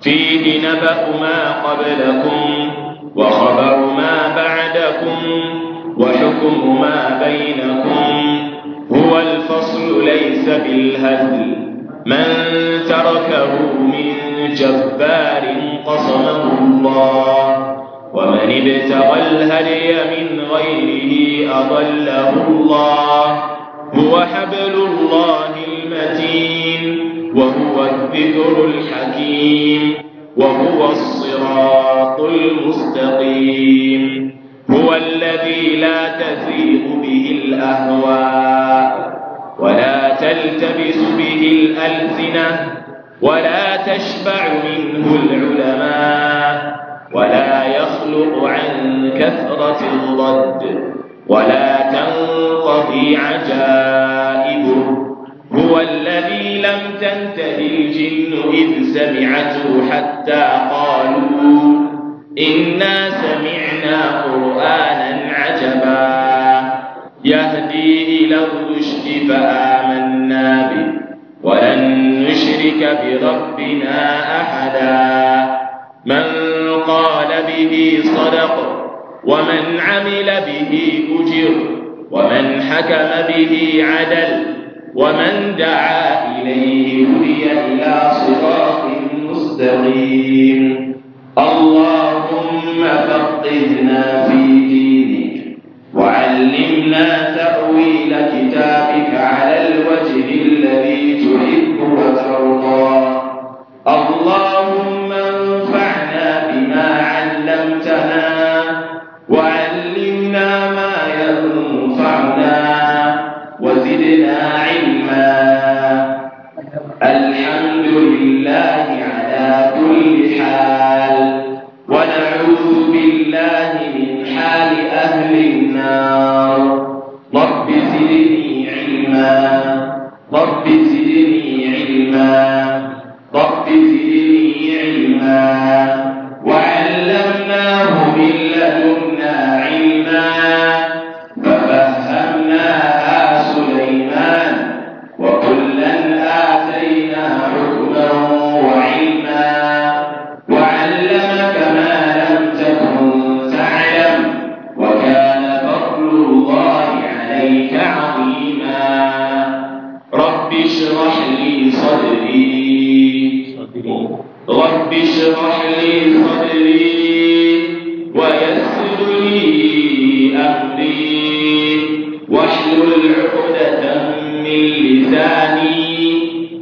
فيه نبأ ما قبلكم وخبر ما بعدكم وحكم ما بينكم هو الفصل ليس بالهزل من تركه من جبار قصمه الله ومن ابتغى الهدي من غيره أضله الله هو حبل الله المتين وهو ذكر الحكيم وهو الصراط المستقيم هو الذي لا تزيغ به الأهواء ولا تلتبس به الألسنة ولا تشبع منه العلماء ولا يخلق عن كثرة الرد ولا تنقضي عجائب هو الذي لم تنته الجن إذ سمعته حتى قالوا إنا سمعنا قرآنا عجبا يهدي إلى الرشد فآمنا به ولن نشرك بربنا أحدا من قال به صدق ومن عمل به أجر ومن حكم به عدل ومن دعا إليه هدي إلى صراط مستقيم اللهم فقهنا في دينك وعلمنا تأويل كتابك على الوجه الذي تحب وترضى اللهم الحمد لله على كل حال ونعوذ بالله من حال أهل النار رب زدني علما رب زدني علما رب زدني علما وعلمناه من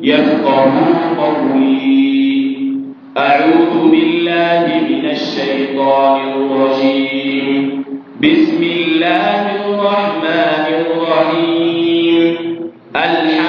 يفقهوا قولي أعوذ بالله من الشيطان الرجيم بسم الله الرحمن الرحيم الحمد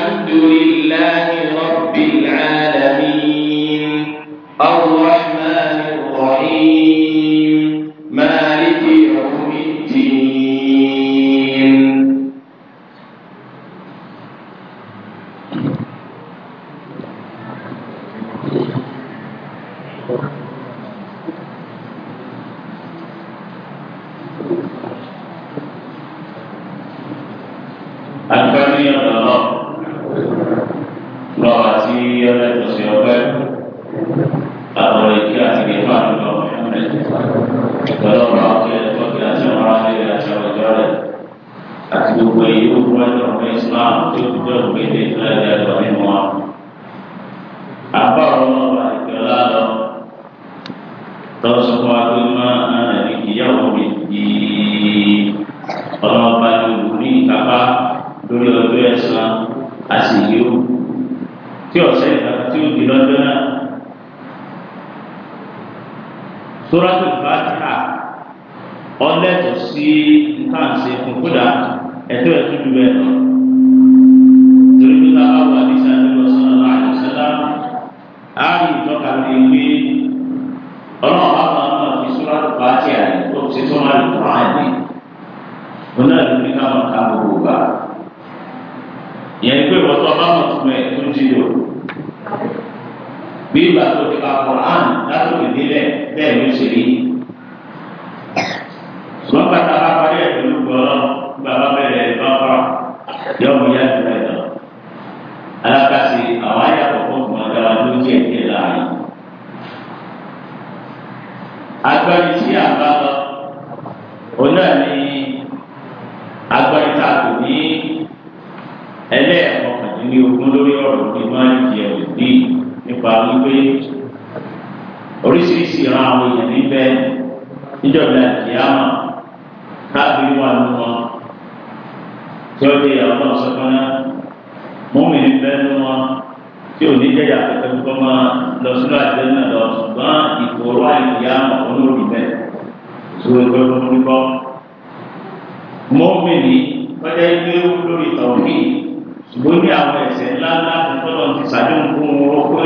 lórí àwọn ẹ̀ṣẹ̀ ńlá ńlá tọ́lọ̀ ti sàdéhùn fún wọn pé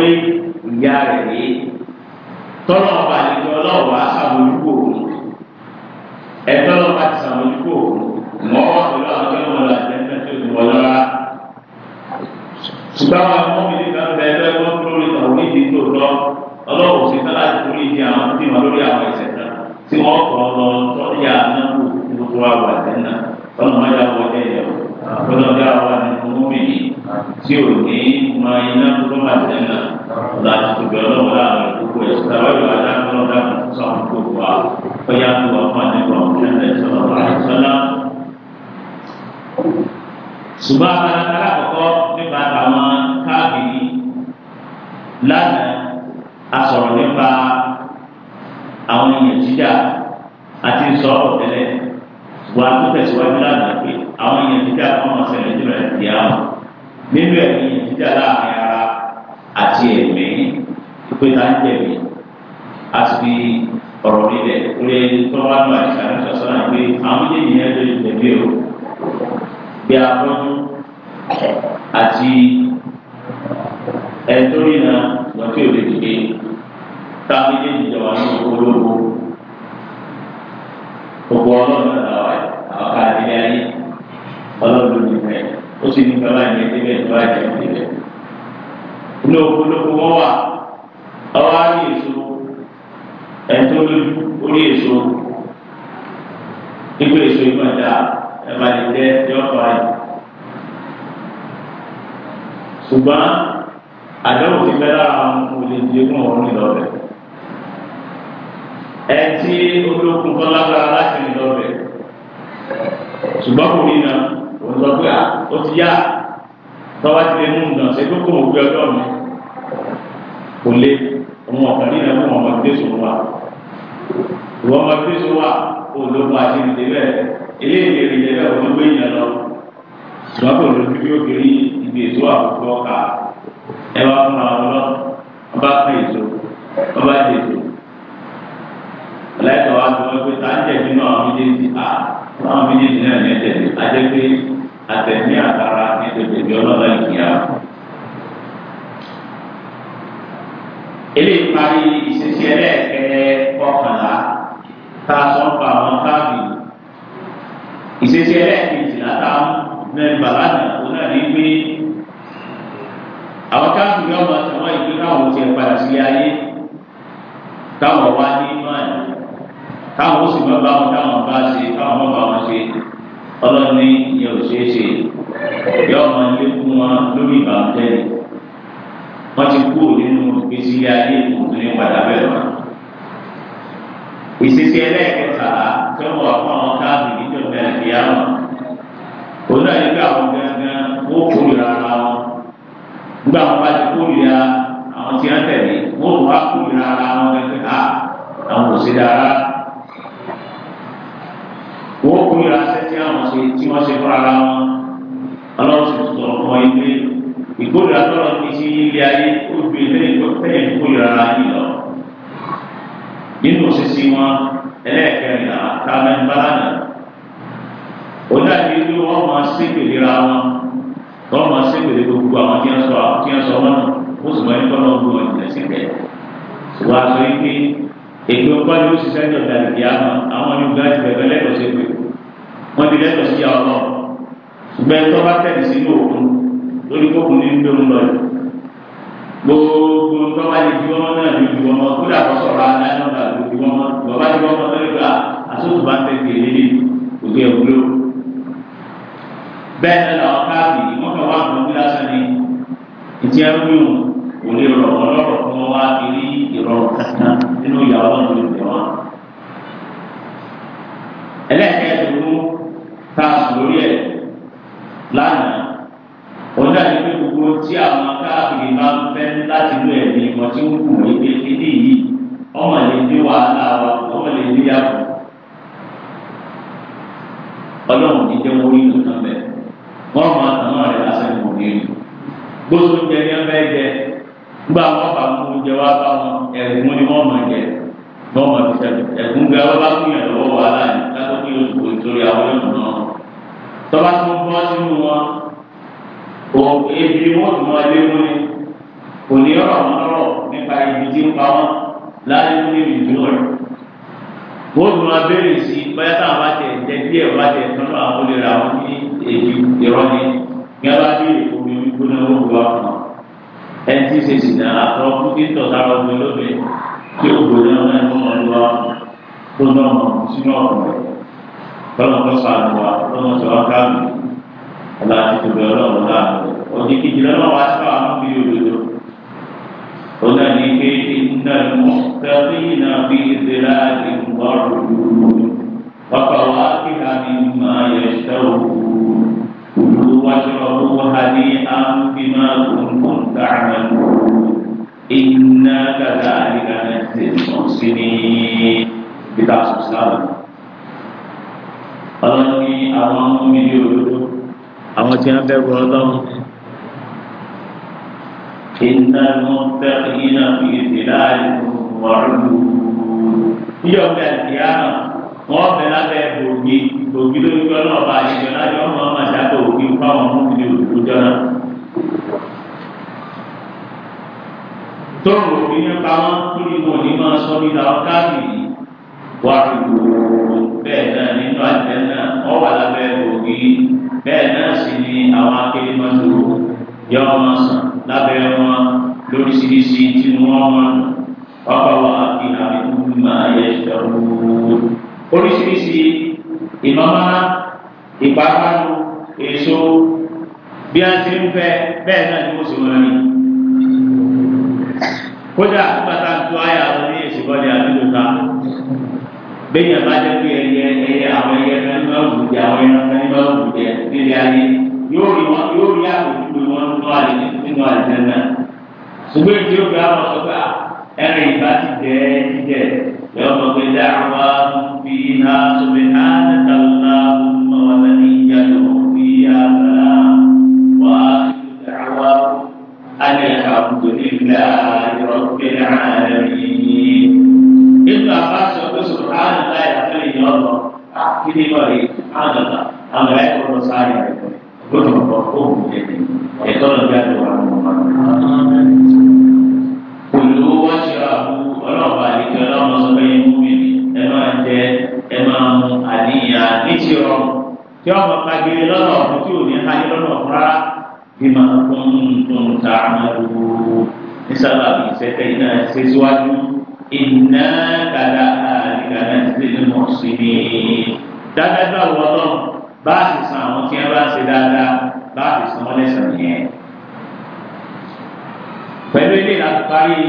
ìyá rẹ̀ rí tọ́lọ̀ ọba àlejò ọlọ́wọ́ àṣàmójúkò ẹ̀tọ́lọ̀ ọba ti sàmójúkò mọ́ pẹ̀lú àwọn ọmọ ọmọ làjẹ́ ńlá tó ti wọ́n lọ́ra. ṣùgbọ́n àwọn ọmọ mi nígbà bẹ́ẹ̀ bẹ́ẹ̀ wọ́n tó lórí ìtàwọn onídìí tó lọ ọlọ́wọ́ sí sáláàtì lórí ìdí àwọn tí àwọn tí ò ní máa iná tó máa tẹ̀ náà láti tóbi ọlọ́run láàrin gbogbo ẹ̀ sábà yóò adáná lọ́dà fún sọ́ọ̀n gbogbo wa bóyá tó wà fún àdébọ̀ ọ̀kẹ́lẹ̀ sọ̀rọ̀ àìsọ́lá. ṣùgbọ́n alákàtà bí afọ́nú àti ẹ̀ńtórí náà wọ́n tí ò lè dìde táwọn ilé ìjọba ní olówó gbogbo ọlọ́run náà làwọn àwọn ká adé ayé ọlọ́run ló ní bẹ́ẹ̀ ó sì ní bàbá ìyẹn débẹ̀ bàbá ìyẹn débẹ̀. ṣùgbọ́n mẹ́mbà lánàá òun náà ní pé àwọn káàkiri ọmọ àtàwọn ìlú káwọn ti padà sílé ayé káwọn wá ní imáì káwọn ó sì máa bá wọn káwọn bá ṣe káwọn má bá wọn ṣe ọlọ́run ní ìyẹn ò ṣeé ṣe ìyá ọmọ ilé fún wọn lórí ìbànújẹ́ wọn ti kúrò nínú ìgbésí ayé òun ní padà bẹ́ẹ̀ lọ. ìṣesí ẹlẹ́ẹ̀kẹta tí wọ́n wà fún àwọn káàkiri níjọba ìyá òun náà yẹ kí àwọn gangan wọ́n kórìíra ara wọn nígbà wọn bá ti kórìíra àwọn tí wọ́n tẹ̀lé wọ́n tún wá kórìíra ara wọn gẹ́gẹ́ ká àwọn kò sí dára wọ́n kórìíra sẹ́tí àwọn ṣe tí wọ́n ṣe fún ara wọn ọlọ́run sì tọ̀ ọ̀pọ̀ ilé ìkórìíra tọ́lọ̀ ní sí ilé ayé ó gbé ilé ìgbọ́tẹ́yẹ kórìíra ara yìí lọ nínú òṣìṣẹ́ wọn ẹlẹ́ẹ̀kẹrin àtàwọn náà ọjà yìí ni wọ́n máa ṣègbèrè ra wọn wọ́n máa ṣègbèrè gbogbo àwọn tí wọ́n sọ tí wọ́n sọ wọn náà ó sì máa ń tọ́nà ọgbọ́n ìjìnlẹ̀ síbẹ̀ wọ́n á sọ yìí pé èdè ọgbọ́n yóò ṣiṣẹ́ ní ọ̀dà ìdí àmọ́ àwọn yorùbá ti bẹ̀rẹ̀ lẹ́tọ̀ọ́ sí pé wọ́n ti lẹ́tọ̀ọ́ sí àwọn náà ṣùgbọ́n tó bá tẹ̀lé sínú òkun lórí kókun ní gbé ńlọ yìí gbogbo tó bá yẹ ju ọmọ náà ju ju ọmọ kódà kó sọ̀rọ̀ aláìsàn náà ju ju ọmọ bàbá ju ọmọ lórí gbà àtúntò bá tẹ̀lé lé òkè òkúlé òkú bẹ́ẹ̀ náà làwọn káàkiri wọ́n fẹ́ wá nǹkan gbéra sani ìtì ẹrúgbìn ò lè rọ̀ wọ́n lọ́rọ̀ fún wọn wá kiri ìrọ̀rùn kankan nínú ìyàwó náà ló lè wọn. ẹlẹ́ẹ̀kẹ́dùnú tá a sùn lórí ẹ̀ lánàá òun náà ní pé gbogbo tí àwọn káàkiri máa ń fẹ́ láti lú ẹ̀mí wọn tí ń kù wípé kíní yìí ọmọ lè ní wàhálà wa ọmọ lè ní yàgò ọlọ́run ti jẹ́ wọ́n yín lọ́sàn-án bẹ́ẹ̀ wọ́n máa tàná rẹ̀ lásán kò ní ìlú. gbóso jẹ ní ọbẹ̀ jẹ gbà wọ́n bá mú oúnjẹ wá bá wọn ẹ̀gún ni wọ́n máa jẹ wọ́n máa fi sẹ́yìn ẹ̀gún gba wọ́n bá kú yẹn lọ́wọ́ wàhálà yìí látọ́ kí oṣù kò torí àwọn yóò nù náà. tọ́ba tó ń bọ́ sínú wọn ebi wọ́n tún máa lé wọn ni kò ní ọ̀rọ̀ wọn lọ́rọ̀ nípa ibi tí ń pa wọn láyé ní ìlú rẹ̀ wọ́n tún máa béèrè sí báyà táwọn bá tẹ̀ tẹ̀ díẹ̀ bá tẹ̀ tọ́lọ́ àwọn olè èyí irọ́ ni gbẹ́bá bí omi gbígbóná ó bu ọkàn ẹni tí ṣe sì náà àtọ́ fún kíntọ̀ sára omi lóde tí ó gbóná náà ń mọ̀ ní tó náà mọ̀ sínú ọkùnrin tọ́lọ̀ tó sàánù wa tọ́lọ̀ tó wá káàmì ọ̀la àti tòbí ọlọ́run láàbẹ̀ òní kejì lọ́wọ́ wá sí àwọn bí òdodo òun ní pé iná mọ̀ tẹ́lẹ̀ واشربوا هنيئا بما كنتم تعملون إنا كذلك نجزي المحسنين كتاب الإسلام Ọlọ́run ní àwọn ọmọ mi ní òdodo àwọn tí wọ́n bẹ̀rù fi ìdílá ìlú ọ̀rùn. Níjọba ìdíyàrá wọn bẹ òbí ló ń gbọ́ náà bá àṣìjọ láti ọmọ ọmọ àdàbọ̀ òbí fáwọn ọmọ mi lòdù jọ náà. tóun òbí nípa wọn lórí wọn ní máa sọ nílà káàdì yìí wà lùwò bẹ́ẹ̀ náà nínú àjẹ náà ọ wà lábẹ́ òbí bẹ́ẹ̀ náà sì ni àwọn akéde máa ń yọ ọmọ sàn lábẹ́ wọn lóríṣiríṣi tí wọ́n wọn ọkọ̀ wà kí àbí kúndùmá yẹ ṣẹ́wó oríṣiríṣi ìmọ̀mára ìpàkàlù èso bí a ti ń fẹ́ bẹ́ẹ̀ náà ni mo sì wọ́n ní. kódà bàtà tó ayé àwọn ní èsì bọ́lẹ̀ àdúgbò ta bẹ́ẹ̀ yẹn bá jẹ́ pé ẹyẹ ẹyẹ àwọn ẹyẹ náà ní wọ́n bùjẹ́ àwọn ẹyẹ náà ní wọ́n bùjẹ́ nílé ayé yóò rí wọn yóò rí àpòjúwe wọn nínú àlè nínú àlè náà. ṣùgbọ́n ìdí òkè àwọn ọ̀sọ́ ويطلق دعوى فيها سبحانك اللهم ومنيته فيها سلام واخر دعوى ان الحمد لله رب العالمين ابن عباس يقول سبحان الله يعقل يا الله احكي لي سبحان الله انا لا يكون مصاري عليكم كنت مفهوم جدا عن محمد كلوا واشربوا ولو jẹ ẹ máa mu àníyàn létí ọ̀rọ̀ tí wọn máa kagiri lọ́nà ọ̀fun tí ò ní kájí lọ́nà ọ̀fun rárá bí máa fún un ta àmàlú nísàlá mi sẹ́kẹ̀ iná ṣe síwájú iná kàdá àdìgàdà ti lè mọ̀ sí ni dáadáa bá wọ́n lọ bá sì san àwọn tí wọ́n bá ń ṣe dáadáa bá sì san wọ́n lẹ́sàn yẹn. pẹ̀lú ilé ìlànà parí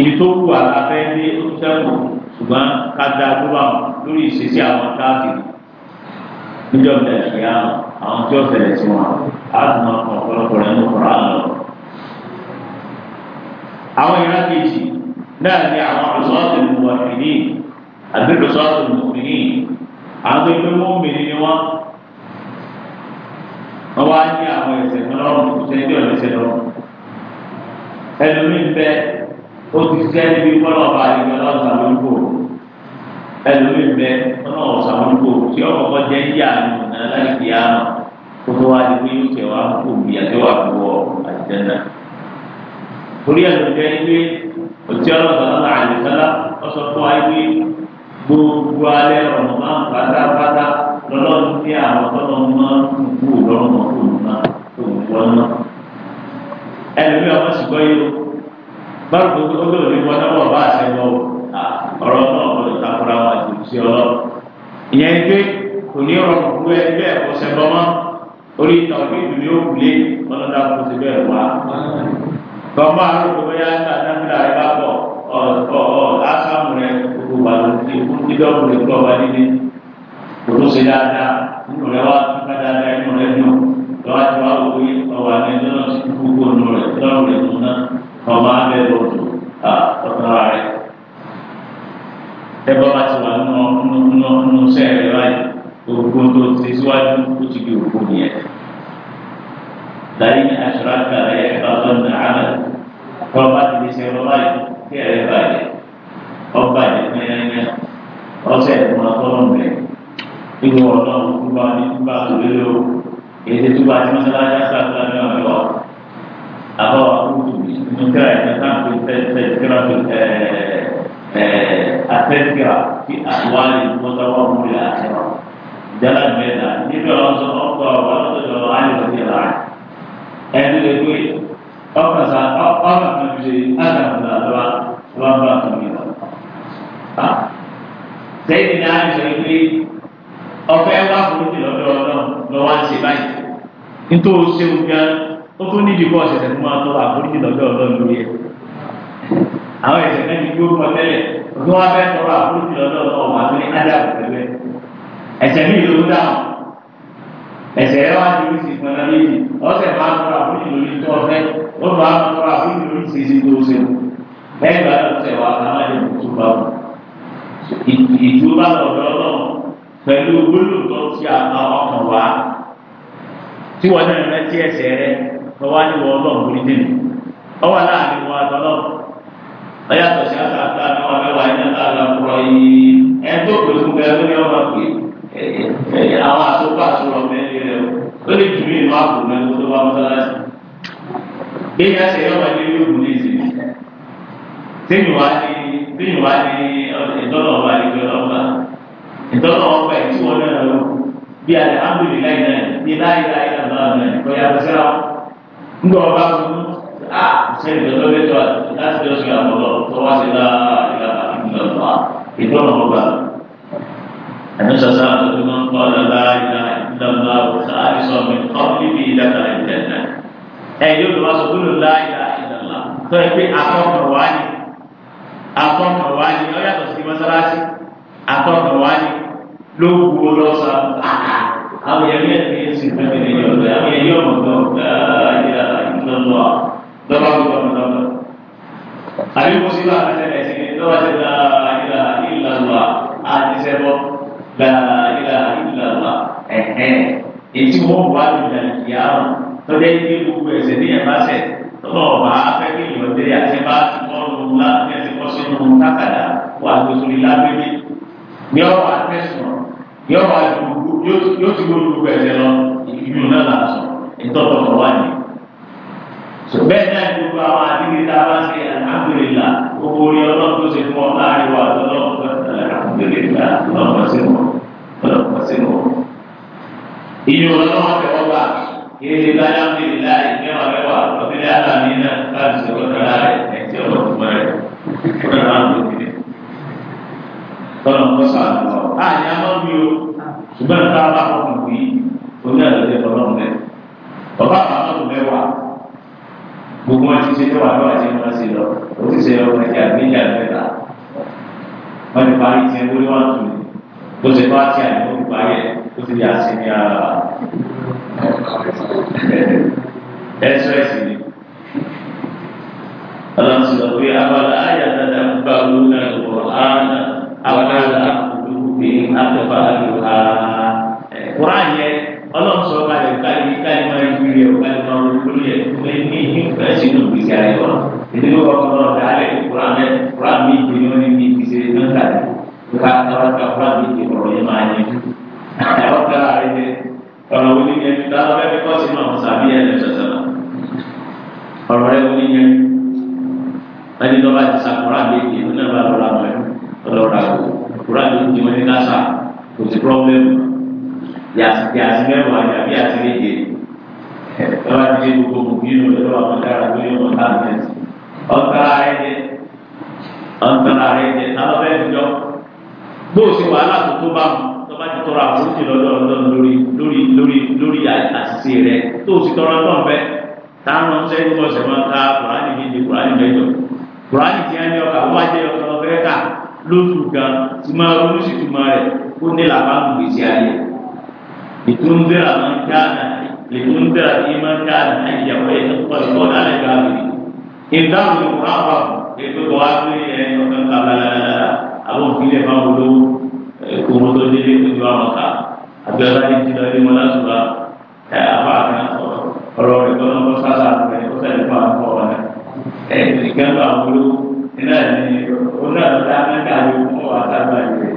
ibi tó wù àlàfẹ́ dé ó ń ṣùgbọ́n ká da gbúgbà lórí ìṣesí àwọn káàkiri níjọ́ ìdá ìṣẹ̀yà àwọn tí ó fẹ̀lẹ̀ sí wọn á tún máa kàn ọ̀pọ̀lọpọ̀ rẹ̀ ní ọ̀rọ̀ àná. àwọn ìran kejì náà ni àwọn ọ̀ṣọ́ọ̀tì mùmọ̀mìnì àbí ọ̀ṣọ́ọ̀tì mùmọ̀mìnì àwọn tó ń gbé mọ́mìnì ni wọ́n wọ́n wá ní àwọn ẹ̀sẹ̀ kan lọ́rùn kò sẹ́ni tí ò ó ti sẹ́ níbi kọ́lọ́ ọba àdìgbẹ́ náà sàmójúkò ẹlòmíì bẹ kọ́lọ́ ọba sàmójúkò tí ọkọ̀ kọ́ jẹ́ yíyá àdìgbẹ́ náà láì kí á kó tó wá àdìgbẹ́ yóò tẹ̀ wá kó bí àti wà kó wọ àdìgbẹ́ náà. torí ẹlòmíì ẹgbẹ́ òtí ọlọ́sàn náà àdìgbẹ́lá ọ̀sọ̀ fún ayé gbogbo alẹ́ ọ̀nà máa ń pátápátá lọ́lọ́run tí àwọn tọ́lọ́ máa ń kú lọ́rùn ọ̀hún náà tó ń wọ́n náà. ẹlòmíì ọmọ sì gbọ́ yìí báwo ló ló ní wọn náà wọn bá àṣẹ lọ ọ̀rọ̀ náà ọ̀rọ̀ ìtakùrà wọn àti ìbùsí ọlọ ìyẹn gbé kò ní ọ̀rọ̀ fún ẹ bẹ́ẹ̀ kó ṣe bọ mọ orí ìtàn orí ìlú ni ó wulé ọlọdà kó ṣe bẹ́ẹ̀ wá. bàbá arúgbó bóyá nàdàbílà rẹ bá bọ ọ ọ ásámù rẹ gbogbo wà lókè fún kílọ̀mù rẹ gbọ́ wá nílé kò tó ṣe dáadáa nínú rẹ wá nípa dáadáa nínú rẹ nù lọ́wọ́ àti wá òwe ọ̀wà ní ẹjọ́ náà sí gbogbo ọ̀nà ọba abẹ́rẹ́ òdò ọ̀tọ̀ra rẹ̀ ẹgbẹ́ wa ti wà nínú sẹ́ẹ̀rẹ̀ báyìí ogun tó ti síwájú ó ti di ogun yẹn láyé aṣọ́ráka rẹ̀ bàbá ní àmà ọba ti di sẹ́ẹ̀rẹ̀ báyìí kí ẹ̀rẹ́ bàjẹ́ ọba yẹn mẹ́rẹ́mẹ́ ọ̀sẹ̀ ìmọ̀ ọlọ́run rẹ̀ ìwọ ọlọ́run kúbá ní kúbá òlélò èdè tó bá ti mọ́sálásí àti àgbàdo ọ̀rọ̀ àbá nùkìrà yẹn náà kò tẹ tẹ kìrà tó ẹ ẹ àtẹkìrà kí àwárí mọ́tàwá múlẹ̀ àtẹwà jala mẹ́ta níbi ọ̀rọ̀ sọ ọkọ̀ ọ̀rọ̀ tó lọ ayé lọ sí ra ẹni lè pé ọkọ̀ sá ọkọ̀ kan fi àgàmùlà lọ́wọ́ lọ́wọ́ bá kan mi lọ. sẹ́yìn ní ayé sọ pé ọkọ̀ ẹ wá fún mi lọ́dọ̀ ọlọ́run lọ́wọ́ á ṣe báyìí nítorí ó ṣe òun gan-an ó tún ní ìdíkọ́ ọ̀sẹ̀ tẹ̀lé máa tọrọ àforíjì lọ́jọ́ ọlọ́run lórí ẹ̀ àwọn ẹ̀sẹ̀ náà ti gbé tẹ́lẹ̀ ọdún wa fẹ́ tọrọ àforíjì lọ́jọ́ ọlọ́run àti ní ádàbò tẹ́lẹ̀ ẹ̀sẹ̀ mi ló dáhùn ẹ̀sẹ̀ rẹ wá ní oríṣi ìpínlẹ̀ méjì ọ̀sẹ̀ máa tọrọ àforíjì lórí tó ọ̀fẹ́ ó tún á àforíjì lórí ìṣèṣì tó ṣe náà pẹ̀lú gbólóòtọ́ tí ẹ̀sẹ̀ rẹ̀ lọ́wọ́ ní wọ́n lọ́ọ̀ lórí dẹ́nu ọwọ́ láàrin wọn àtọ́lọ́ ọyàtọ̀ sí àtàtà àwọn mẹ́wàá iná tá a lọ kúrọ yìí ẹ tó pè fún bẹ́ẹ̀ lórí ọmọ pé àwọn àtúbà tó lọ mẹ́rin rẹ ó lè jù nínú àpò mẹ́rin tó bá mọ́tálásì èyí á ṣe yọ̀wọ̀ ilé yóò gùn ní ìsìn téèyàn wá ní téèyàn wá ní ìtọ́nà ọba ìjọba ọba ìtọ́nà ọba ìtúwọ́n náà lọ bí alẹ́ ámbìlì láì náà ní láì láì náà bá náà kọ́ ńlọ ọba ronú a ṣe ìjọba lẹ́tọ̀ láti lọ sí àmọ́lọ́ tó wá sí la ìlà ìlọ́fà ìtọ́nà ọba. Àmì sàṣà àtọ́jú máa ń kọ́ ọ̀dọ́dá ìlà ìlọ́fà òṣà àìsàn mi kọ́ níbi ìdáta ìjẹta. Ẹ yóò lọ wá sọ fún lòlá ìlà ìlọ́fà tó ẹ pé akọ́kọ̀wáyé akọ́kọ̀wáyé ọ yàtọ̀ sí mọ́sálásí akọ́kọ̀wáyé ló wù àwọn yẹn ní ẹsẹ̀ yẹn sì fẹ́ mi ní ọ̀dọ̀ àwọn yẹn yọ̀ mọ̀ lọ ayélujára ìtọ́lọ́ lọ́wọ́ tó bọ̀ lọ́wọ́. àbí mo sì bá àtẹ̀lẹ̀ sí i lọ́wọ́ sí ayélujára ìlànà àtisẹ́bọ̀ ayélujára ìlànà ẹ̀hẹ́ ètí wọ́n wà lójà ìyá wọn tọ́jà ìdí gbogbo ẹ̀sẹ̀ ní ẹ̀fáṣẹ̀ tọ́lọ̀ ọ̀bà afẹ́kẹ́ ìyọ̀dẹ́rẹ́ àti bá ti kọ́ ní ọ̀rọ̀ àtẹ̀sùn yóò wá yóò ti gbóòdù gbogbo ẹ̀jẹ̀ lọ ìlú náà là sọ ìtọ́tọ̀ kọ̀ wá ní. bẹ́ẹ̀ náà ni gbogbo àwọn àdínní tá a bá ṣe àgbèrèlà gbogbo orí ọlọ́run tó ṣe fún ọ láàrin wa lọ́wọ́ àgbèrèlà lọ́wọ́ sínú lọ́wọ́ sínú. ìyẹn ọlọ́run tẹ̀wọ́ bá kìí ṣe báyà ń bèrè láàyè mẹ́wàá mẹ́wàá ọ̀bẹ̀rẹ̀ àlàmì náà láti tọ́lọ̀ ń kọ́sà lọ. a ní a máa ń bí o ṣùgbọ́n nípa bá wọn kò wí oní àlejò ọlọ́run rẹ̀. bàbá àwọn ọmọ mẹ́wàá gbogbo wọn ti ṣe mẹ́wàá lọ́wọ́ àti wọn ṣe lọ ó ti ṣe ọmọ ẹ̀jẹ̀ àgbéjà mẹ́ta. wọ́n ti parí tiẹ̀ wọlé wọn tù ní. bó ṣe bá tiẹ̀ ní wọ́n ti parí ẹ̀ ó ti di àṣírí ara. ẹ̀sọ́ ẹ̀sìn ni. ọlọ́run ti sọ pé abala ayé àtàtà ń bá lónà ìwọ̀ àwọn olùkọ́ àtọ̀fà àlùkà kuran yẹ ọlọ́run sọ̀rọ̀ bá yẹ káyọ̀ káyọ̀ máa ń wíyẹ o káyọ̀ máa ń wíyẹ yẹ kó lè ní ìfẹ́ sínú gbèsè ayé wọn ìdílé wọn kọ́ náà dá lẹ̀ kuran mẹ́ kuran mi gbé ní wọn ní gbèsè mẹ́ta rẹ̀ ká káwọn ká kuran mi gbé ọ̀rọ̀ yẹn máa yẹ àwọn ká ara yẹ ọ̀rọ̀ wo ni yẹn ti dáná bẹ́ẹ̀ bí kọ́ bá ti sa kuran ọlọ́ra o kúrò àti oúnjẹ wọn ní lásà kò sí pírọ́blẹ́mù yàtí mẹ́wàá yàbí àti méje lọ́wọ́ ti dé gbogbo gbogbo yìí lọ́wọ́ lọ́wọ́ àwọn dára tó yẹ wọn láàbù ẹ̀ ọ̀ntara rẹ̀ jẹ ọ̀ntara rẹ̀ jẹ náà bẹ́ẹ̀ ti jọ gbóòsì wàhálà tó tó bá mu tọ́ba ti tọrọ àforíjì lọ́dọ̀ ọlọ́run lórí lórí lórí lórí àṣìṣe rẹ̀ tó o sì tọrọ ọlọ́run bẹ́ẹ̀ táwọn ọ̀sẹ̀ ń bọ̀ ṣẹ̀ máa ta kùránì méje kùránì mẹ́jọ kùránì tí wọ́n ní ọkà wọ́n á jẹ́ ọkà ọ̀fẹ́ ká lóṣù gan tí máa ronú sí ìtumọ̀ rẹ̀ kó ní làbá ń gbèsè ayé ètò ń bẹ̀rẹ̀ àwọn dáná ètò ń bẹ̀rẹ̀ àti ìmọ̀ dáná ìyàwó ẹ̀ ní pọ̀lìpọ̀ lálẹ́ gbà mí. ìdáhùn ìwà wà ètò bọ̀ wá pé ẹ̀ ọ̀kan kà bàlàlàlà àwọn òkìlẹ̀ máa wò lówó kó wọn tó délé tó ju àwọn ká àbí ọlá ti lọ ilé wọn láti wá àbá ọ̀rọ̀ rẹ̀ iná ní oná ọ̀dá mẹ́ta ló mú wa sábà yìí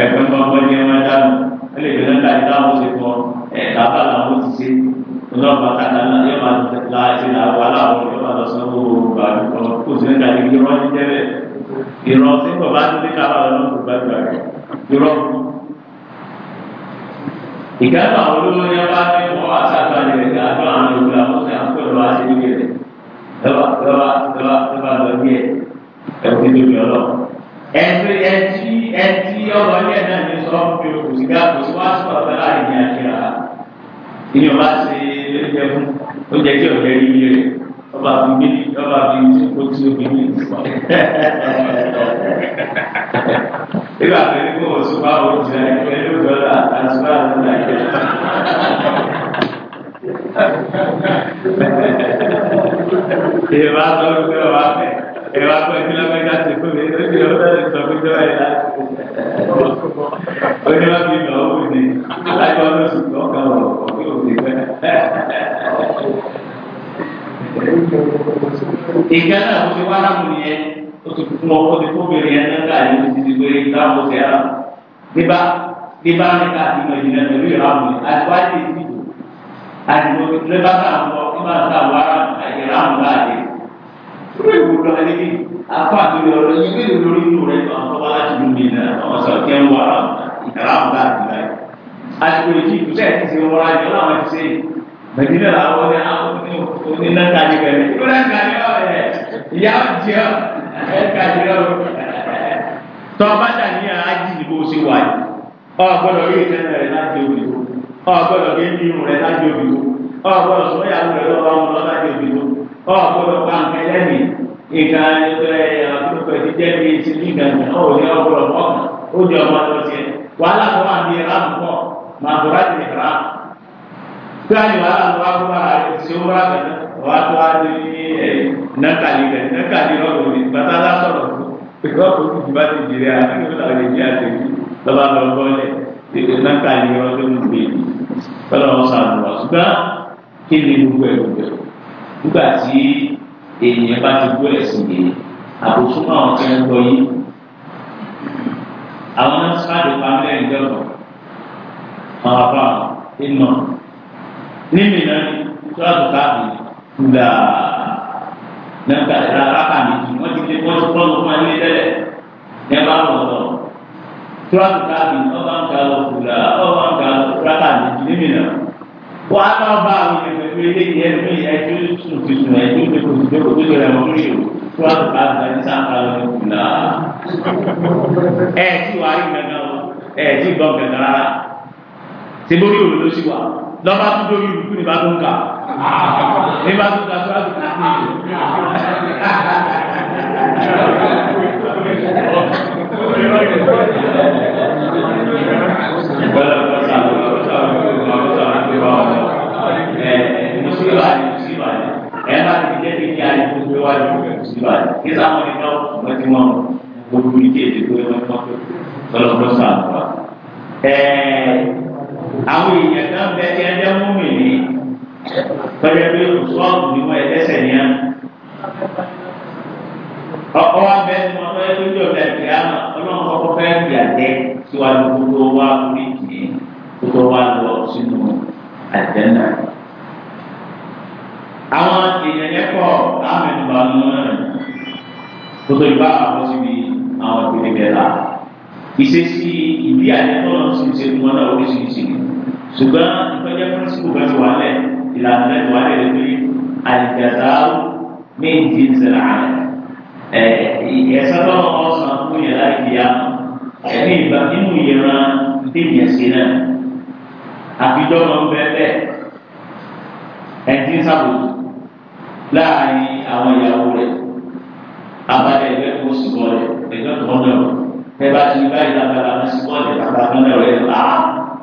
ẹ̀gbọ́n kan bọ́ ní wọn dáná ó lè gbẹ́dọ́ ta ìdá àwọn oṣù kan ẹ̀ bàbá làwọn ó ti ṣe ọlọ́pàá kàkà náà yóò máa la ṣe la wà láwọn yóò máa lọ sọ owó gbàdú kan kó sì ní kàdé kí wọ́n ti tẹ́lẹ̀ ìrọ̀ sí bàbá tó ní kábà lọ́nà kò gbàdúrà rẹ̀ ìrọ̀ ìgbàgbọ́ àwọn ni wọ́n bá ní wọ́n wá sábà lọ́ba lọ́ba lọ́ba lọ́ba lọ bí ẹ ẹ̀kú tó bí ọlọ́ ẹtí ẹtí ẹtí ọmọ ilé ẹ̀ náà ní sọ pé kò sí ká kò sí wá sí ọ̀tá láàrin ní àkíyà ìyẹn bá ṣe lóúnjẹ fún oúnjẹ tí ọ̀jẹ̀ rí ilé rẹ̀ lọ́ba fi méjì lọ́ba fi ti kó tí ó fi ní ìsọ̀ nígbà tó ní kó ìwà tó ń gbé wà fẹ́ ìwà tó ń gbé wà fẹ́ fún mi lórí ọ̀rọ̀ rẹ̀ sọ fún jọ́wọ́ ìlà oníwà bí lọ wù ní alájọ lóṣù tó kàn wọ̀ ọ̀gbìn òbí fẹ́. ìgbà náà mo ti wá láwùjọ yẹn ó ti fún ọkọ ti fún obìnrin yẹn nígbà yìí ó ti di pé ìdáàbò ti rà níbà níbà níta àti ìmọ̀ ìjìnlẹ̀ pẹ̀lú ìhàmù àti wáyé ìdìbò àti lọ́ba náà wọ nígbà náà lọ ẹni bí apá àgbèrè ọ̀rọ̀ yìí bí lórí inú rẹ̀ tó àwọn ọba láti lómi náà ọmọ sọ̀rọ̀ kẹ́ ń wà ìkàrà ọ̀gá àgbà yìí. àsìkò ìjì ìtúsẹ̀ ti ṣe wọ́n rájọ láwọn ti ṣe bẹ̀dínlẹ̀ làwọn ní àwọn onínákàdé kẹrẹ onínákàdé ọ̀rẹ́ ìyá ọ̀jẹ̀ ẹ̀ẹ́kàdé ọ̀rẹ́ tọ́ bá dà ní àájì ìbò ṣe wà yìí ọgbọ́dọ̀ rí ìtẹ́lẹ̀ rẹ̀ láti òbí tó ọgbọ́dọ̀ rí irun rẹ̀ láti òbí tó ọgbọ́dọ̀ sọ́yàwó rẹ̀ ìka ẹgbẹ́ àbúrò ẹ̀dí jẹ́bi ti ní ìgbàgbọ́ náà ò ní ọgbọ̀rọ̀ mọ́kàn ó di ọmọ tó tiẹ̀ wàhálà tó wà ní ẹ̀rá púpọ̀ máa bọ̀ láti ẹ̀rá. Gbáyé wàhálà tó wà fún ara rẹ̀ tí ó wúrà bẹ̀rẹ̀ wà tó wà ní ẹ̀ nàkàlì rẹ̀ nàkàlì rọ̀rọ̀ rẹ̀ bàtà lásọ̀rọ̀ ìgbà kò tún ti bá ti jèrè àdúgbò náà lè jẹ́ àtẹ̀jú lọ́ba lọ bọ́lẹ̀ ètò nàkàlì rọ̀ tó ń gbé kọ́lọ́ kí ènìyàn bá ti gbó ẹ̀sìn yìí àbùsùn náà ti ń lọ yìí àwọn sáàdù pamẹ́ ìjọba máa bá iná níbi náà ní kíláàsì káàbì gbà nígbà ìlà rákà méjì wọ́n ti lé wọ́n ti pọ́n fún ẹni tẹ́lẹ̀ ní bá wọ̀ lọ kíláàsì káàbì ọba lọ gbà ọba ń rákà méjì níbi náà wà á máa bá àwọn ẹgbẹ́ pé eléyìí ẹgbẹ́ ẹjọ́ sùn ti sùn ẹjọ́ ti kò sì jókòó tó yẹra wọn lóṣù tó a bá àgbàdì sáfà lọ nà. ẹ ti wà á yìí gàgà o ẹ ti gbọ́ gàgà rárá ṣe lórí òun ló sì wà lọ́ba tó lórí ìlú ní bá tó ń kà ní bá tó ń kà tó wà tó kà sí ìlú. pé wájú rẹ̀ kò sí báyìí kí sáwọn ẹni náà wọ́n ti mọ̀ gbogbo ike èdè pé wọ́n mọ̀ tọ́lọ́tọ́ sàmùwà. àwọn èèyàn kan bẹ tí ẹ jẹ́ mú mi ní pẹ̀lú pé òṣùwọ̀n ni wọ́n ẹlẹ́sẹ̀ ní à. ọkọ wa bẹ tí wọn fẹ́ lójú ọ̀gá ìgbé àmà ọlọ́run kọ́kọ́ fẹ́ fi àtẹ síwájú gbogbo wa orí kìí wa lọ sínú àtẹ àwọn èèyàn yẹn pọ̀ láàmìnú bá nù náà kótó ìbá àwọn síbi àwọn ìpínlẹ̀ la ìṣesí ìdí àyẹ̀tọ́ náà sì ṣe fún wọn náà oríṣiríṣi ṣùgbọ́n ìtọ́jú pírísìpù kan ti wà lẹ̀ ìlànà rẹ̀ ti wà lẹ̀ lórí àlìjàdá méjì ń sẹ̀rẹ̀ àlẹ̀ ẹ̀ ẹ̀sán tó ń ọ̀sán fún yàrá ìdíyà ẹ̀mí ìgbà nínú ìyẹ̀rọ déyìn ẹ̀sìn náà láàrin àwọn ìyàwó rẹ̀ abalẹ̀ ẹgbẹ́ tó sì bọ̀ rẹ̀ ẹgbẹ́ tó mọ̀ náà ẹ bá ti báyìí lábala wọn sì bọ̀ rẹ̀ bàbá tó náà rẹ̀ á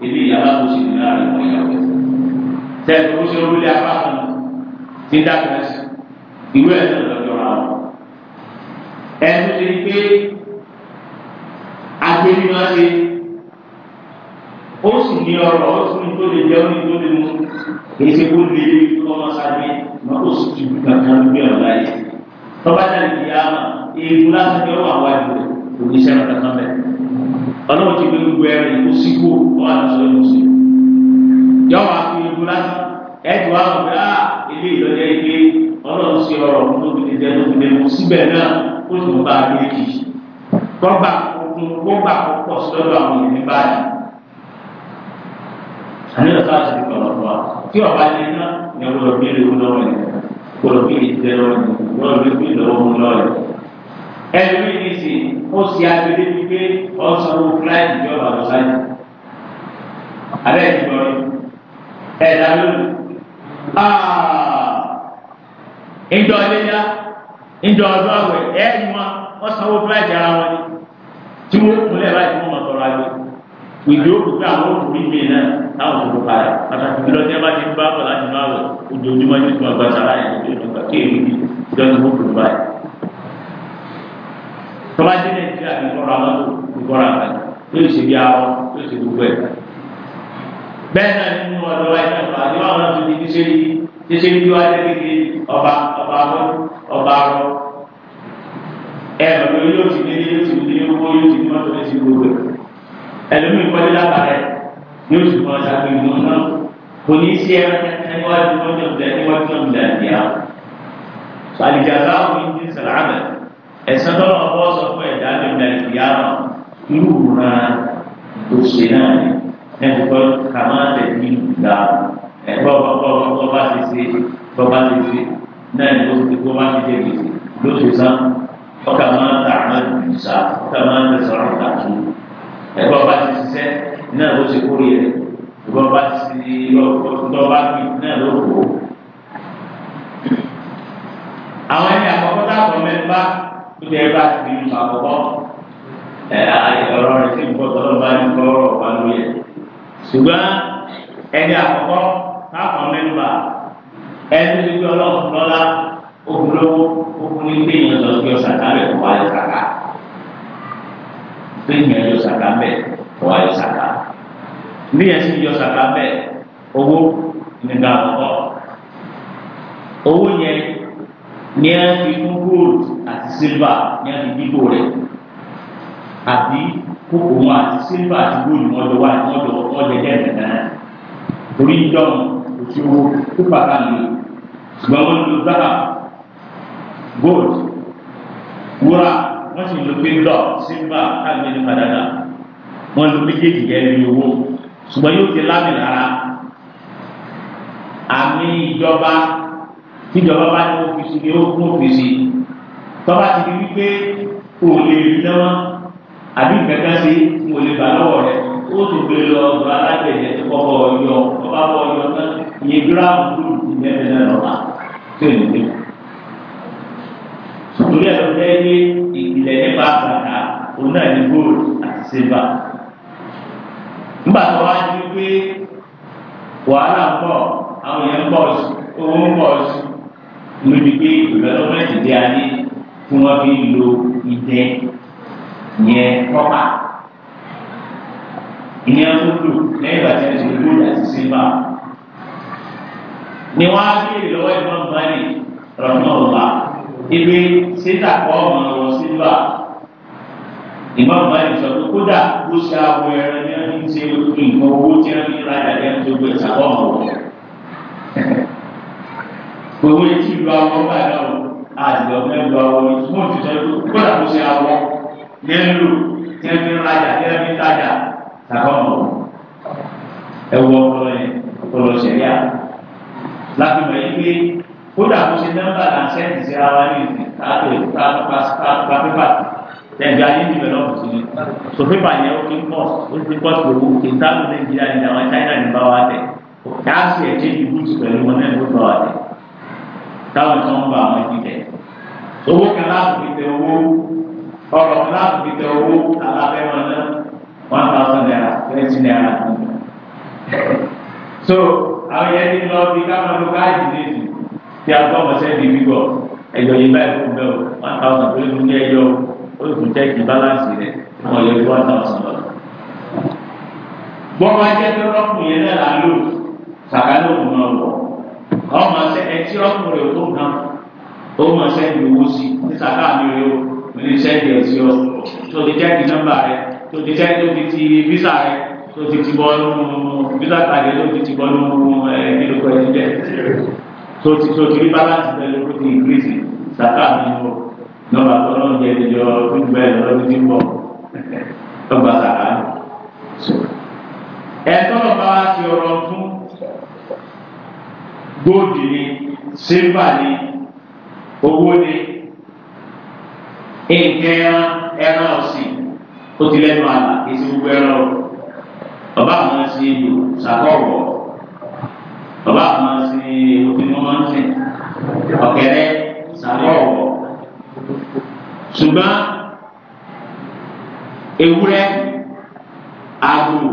ebi ìyàwó tó sì nínú àárín wọn ìyàwó rẹ̀ tẹ̀sí ó ṣe olúlé apá kan ti dákẹ́ sí ìwé ẹ̀ náà lọ́jọ́ ra wọn. ẹnu ti di pé máa ṣe ó sì ní ọrọ̀ ó sì ní tó lè jẹ́ ó ní tó lè mú kì í ṣe kó lè lọ́mọ sáré mọ́tò sì ti dùn kankan lórí ọ̀la yìí tọ́ba jáde kì í yá ma ewu láti fi ọwọ́ àwọn àjò rẹ̀ kò ní sẹ́wọ̀n kankan bẹ̀. ọlọ́run ti gbé gbogbo ẹ̀rọ ìkó síkú ọ̀hún àtúnṣe ìmọ̀ọ́sẹ̀ yọ̀wọ̀ àfi ewu láti ẹ̀dùn àwọn ọ̀gá ilé ìlọ́jẹ́ ilé ọlọ́run sí ọ̀rọ̀ ọ̀hún lóbi tẹ̀lé tọ́ba àti tí ọba ní iná ní ọgbọdọ bí ìlú lọ́wọ́ rẹ ọgbọdọ bí ìlú tẹ lọ́wọ́ rẹ ọgbọdọ bí ìlú lọ́wọ́ mú lọ́wọ́ rẹ. ẹni bí ní sè ó sì agbèdè wípé ọsàn ó fúláìtì bí ọba lọsáyì alẹ́ ìgbọ́ rẹ ẹ̀dá lónìí ìjọ ìléyà ìjọ ọdún àwẹ̀ ẹ̀ẹ́dùnmá ọsàn ó fúláìtì ara wọn ni tí wọ́n kúnlẹ̀ báyìí fún ọmọ tọrọ àgbẹ̀ ìdí òkú pé àwọn òkú bíi mi náà táwọn òkú parẹ pàtàkì jùlọ tí a bá ti ń bá bọ̀ láti máa wẹ̀ ojoojúmọ́ ti tún àgbà sára yẹn lórí ìgbà kéèké ìjọba tó kù báyìí. tọ́ba jẹ́ nàìjíríà ní kọ́ra mọ́tò ní kọ́ra kan tó yẹ ṣe bí arọ tó yẹ ṣe gbogbo ẹ̀. bẹ́ẹ̀ náà nínú ọ̀dọ́ wa ẹ̀ka ìgbà tí wọ́n ti di tíṣẹ́rí tíṣẹ́rí tí wọ́n á tẹ́lẹ̀ ọba ọba ọba arọ ẹ̀rọ yóò ti dé yóò ti dé owó yóò ti dé mọ́tò ẹlòmí kọ́lé lábàárẹ̀ ní oṣù kan ṣàpè ìmọ̀ náà kò ní sí ẹran níwájú ọjọ́ ìbílẹ̀ níwájú ìbílẹ̀ ìyá àlìjàgbá òun ti sọ̀rọ̀ àmẹ́ ẹ̀sán tọ́lọ̀ ọ̀bọ̀ sọ fún ẹ̀dá ìbílẹ̀ ìyá náà irú ìran oṣù náà ni ẹ̀kọ́ kàmá tẹ̀lé ìgbà ẹ̀kọ́ ọ̀bọ̀ bá ti ṣe bọ́bá ti ṣe náà ni ó ti ti ṣe lóṣù sá ọkà máa ń tà ẹgbẹ́ ọba ti ṣiṣẹ́ náà ló ṣe kórè rẹ̀ ẹgbẹ́ ọba ti ọ̀tọ̀ ọba gbì náà ló kó. àwọn ẹni àkọ́kọ́ táwọn mẹ́fà tó jẹ́ bá ti di ìlú àkọ́kọ́ ẹ̀ ọ̀rọ̀ rẹ̀ sì ń bọ̀ tọ́lọ́ bá ní kọ́ ọ̀rọ̀ ọ̀pá lóye. ṣùgbọ́n ẹni àkọ́kọ́ táwọn mẹ́fà ẹni tó ti gbé ọlọ́run lọ́lá ogun lówó ogun ní gbé ìyànjọ́ gbé ọ̀sán kárẹ̀ kọ́ wáyé kàkà kéèyàn yọ sàkà mbẹ kọ wá yọ sàkà bí yẹn sì yọ sàkà mbẹ owó nígbà àkọ́kọ́ owó yẹn ní ẹ fi mú gold àti silver ní ẹ fi dípò rẹ àbí kókò wọn àti silver àti gold wọn jọ wá wọn jọ wọn jẹ jẹ nìkan torí dọ́ọ̀mù kò owó tó pàtàkì ṣùgbọ́n wọn lò dáhà gold wúrà wọ́n sì lu pílọ̀ sílvà káàkiri nípa dáadáa wọ́n lu méjèèjì gẹ́gẹ́ bí owó ṣùgbọ́n yóò ti lámì lára àmì ìjọba tíjọba bá ní ọ́fíìsì ní ọ́fíìsì tọ́ba ti di wípé kò lè rí náà àbí ìgbẹ́ká sí kò lè bà lọ́wọ́ rẹ̀ ó tún gbé lọ ọ̀dọ̀ alágbẹ̀dẹ tó kọ́kọ́ yọ tọ́ba bọ̀ yọ náà ìyẹn gíráàmù tó lù ú mẹ́rin náà lọ́ba tó lè dé torí ẹ̀ ló jẹ́ ní ìpìlẹ̀ nípa bàtà òun náà ní gold àti silver. nígbà tó wá ní pé wàhálà ń bọ̀ àwọn èèyàn ń bọ̀ sí owó ń bọ̀ sí ìlú ni pé ìrẹ́lọ́mẹ́tì dé adé tí wọ́n fi lo ìdẹ yẹn kọ́pà ìyẹn tó lò lẹ́yìn ìgbà ti gold àti silver ni wọ́n á bí èrè lọ́wọ́ ìmọ̀ nǹkan ní rọ̀mọ́ ọ̀la ìwé síta kọ́ ọmọ wọn sílvà ìmọ̀ ọ̀gá ìsọ̀ tó kódà ó ṣe àwọ̀ ẹran ní ẹni tí ó fi nǹkan owó tí wọ́n fi ra ìdájọ́ tó gbé ìsàkọ́ ọmọ wọn. owó etí ìlú àwọn ọgbà náà àjọ mẹ́lú àwọn ìtumọ̀ ìtúsọ tó kódà ó ṣe àwọ̀ mẹ́lú tí wọ́n fi ra ìdájọ́ tí wọ́n fi tajà ọmọ wọn. ẹ wọ ọpọlọ yẹn ọpọlọ ṣẹlẹ̀ kódà kó ṣe nọ́mbà là ń sẹ́ǹtì sí ara wa ní ìsìn káàtó ká pépà tẹ̀gbẹ́ ayé ń dìbẹ̀ lọ́wọ́ sí ni so pépà yẹn ó ti ń pọ̀ ó ti pọ̀ sí owó kí n táwọn nàìjíríà ní àwọn China ní bá wa tẹ̀ káàsì ẹ̀jẹ̀ ní bùtù pẹ̀lú wọn náà ló bá wa tẹ̀ táwọn kan ń bá àwọn ẹbí tẹ̀ owó kan láti fi tẹ owó ọ̀rọ̀ kan láti fi tẹ owó alábẹ́ wọn náà one thousand naira twenty naira so àwọn yẹn ti lọ bí káwọn lọ káàdì ní tí a gbọ́ ọmọọṣẹ́ di bíbọ̀ ẹ̀yọ̀ yìí báyìí fún bẹ́ẹ̀ o one thousand tó lè fún ní ẹ̀yọ̀ ó fún chẹ́ẹ̀kì balance rẹ̀ wọ́n yẹ one thousand lọ. bọ́n wá jẹ́ pé rọ́pù yẹn náà là lò sàkà ló kùn náà wọ̀ ọmọọṣẹ́ ẹtí rọ́pù rẹ̀ tó gan ọmọọṣẹ́ di owó sí ní sàkà mi rẹ̀ o mo ní sẹ́ẹ̀dì ẹ̀sì ọ tó ti chẹ́ẹ̀kì nọ́mbà rẹ̀ tó ti chẹ́ẹ̀kì tó ti ti visa rẹ̀ tó ti ti bọ́ nínú visa card tó ti ti bọ́ nínú ẹ̀ẹ́dínlógún ẹ̀ tó ti tó ti rí balance pẹ̀lú kó ti increase sàkà mi wọ̀ lọ́ba tó lọ́n jẹ ìjọ tó ju bẹ́ẹ̀ lọ́dún tí ń bọ̀ lọ́ba sàkà mi. ẹ̀tọ́ lọ́ba wa ti ọ̀rọ̀ fún góòdì ni sílvà ni owó ni nǹkan ẹran ọ̀sìn ó ti lẹ́nu àlà èsì gbogbo ẹran ọba àwọn ẹsìn ìlú sàkọ̀wọ̀ bàbá masih sí òfin mọ́ máa ń sìn agu man ọ̀wọ́ ujian ewúrẹ́ àgbò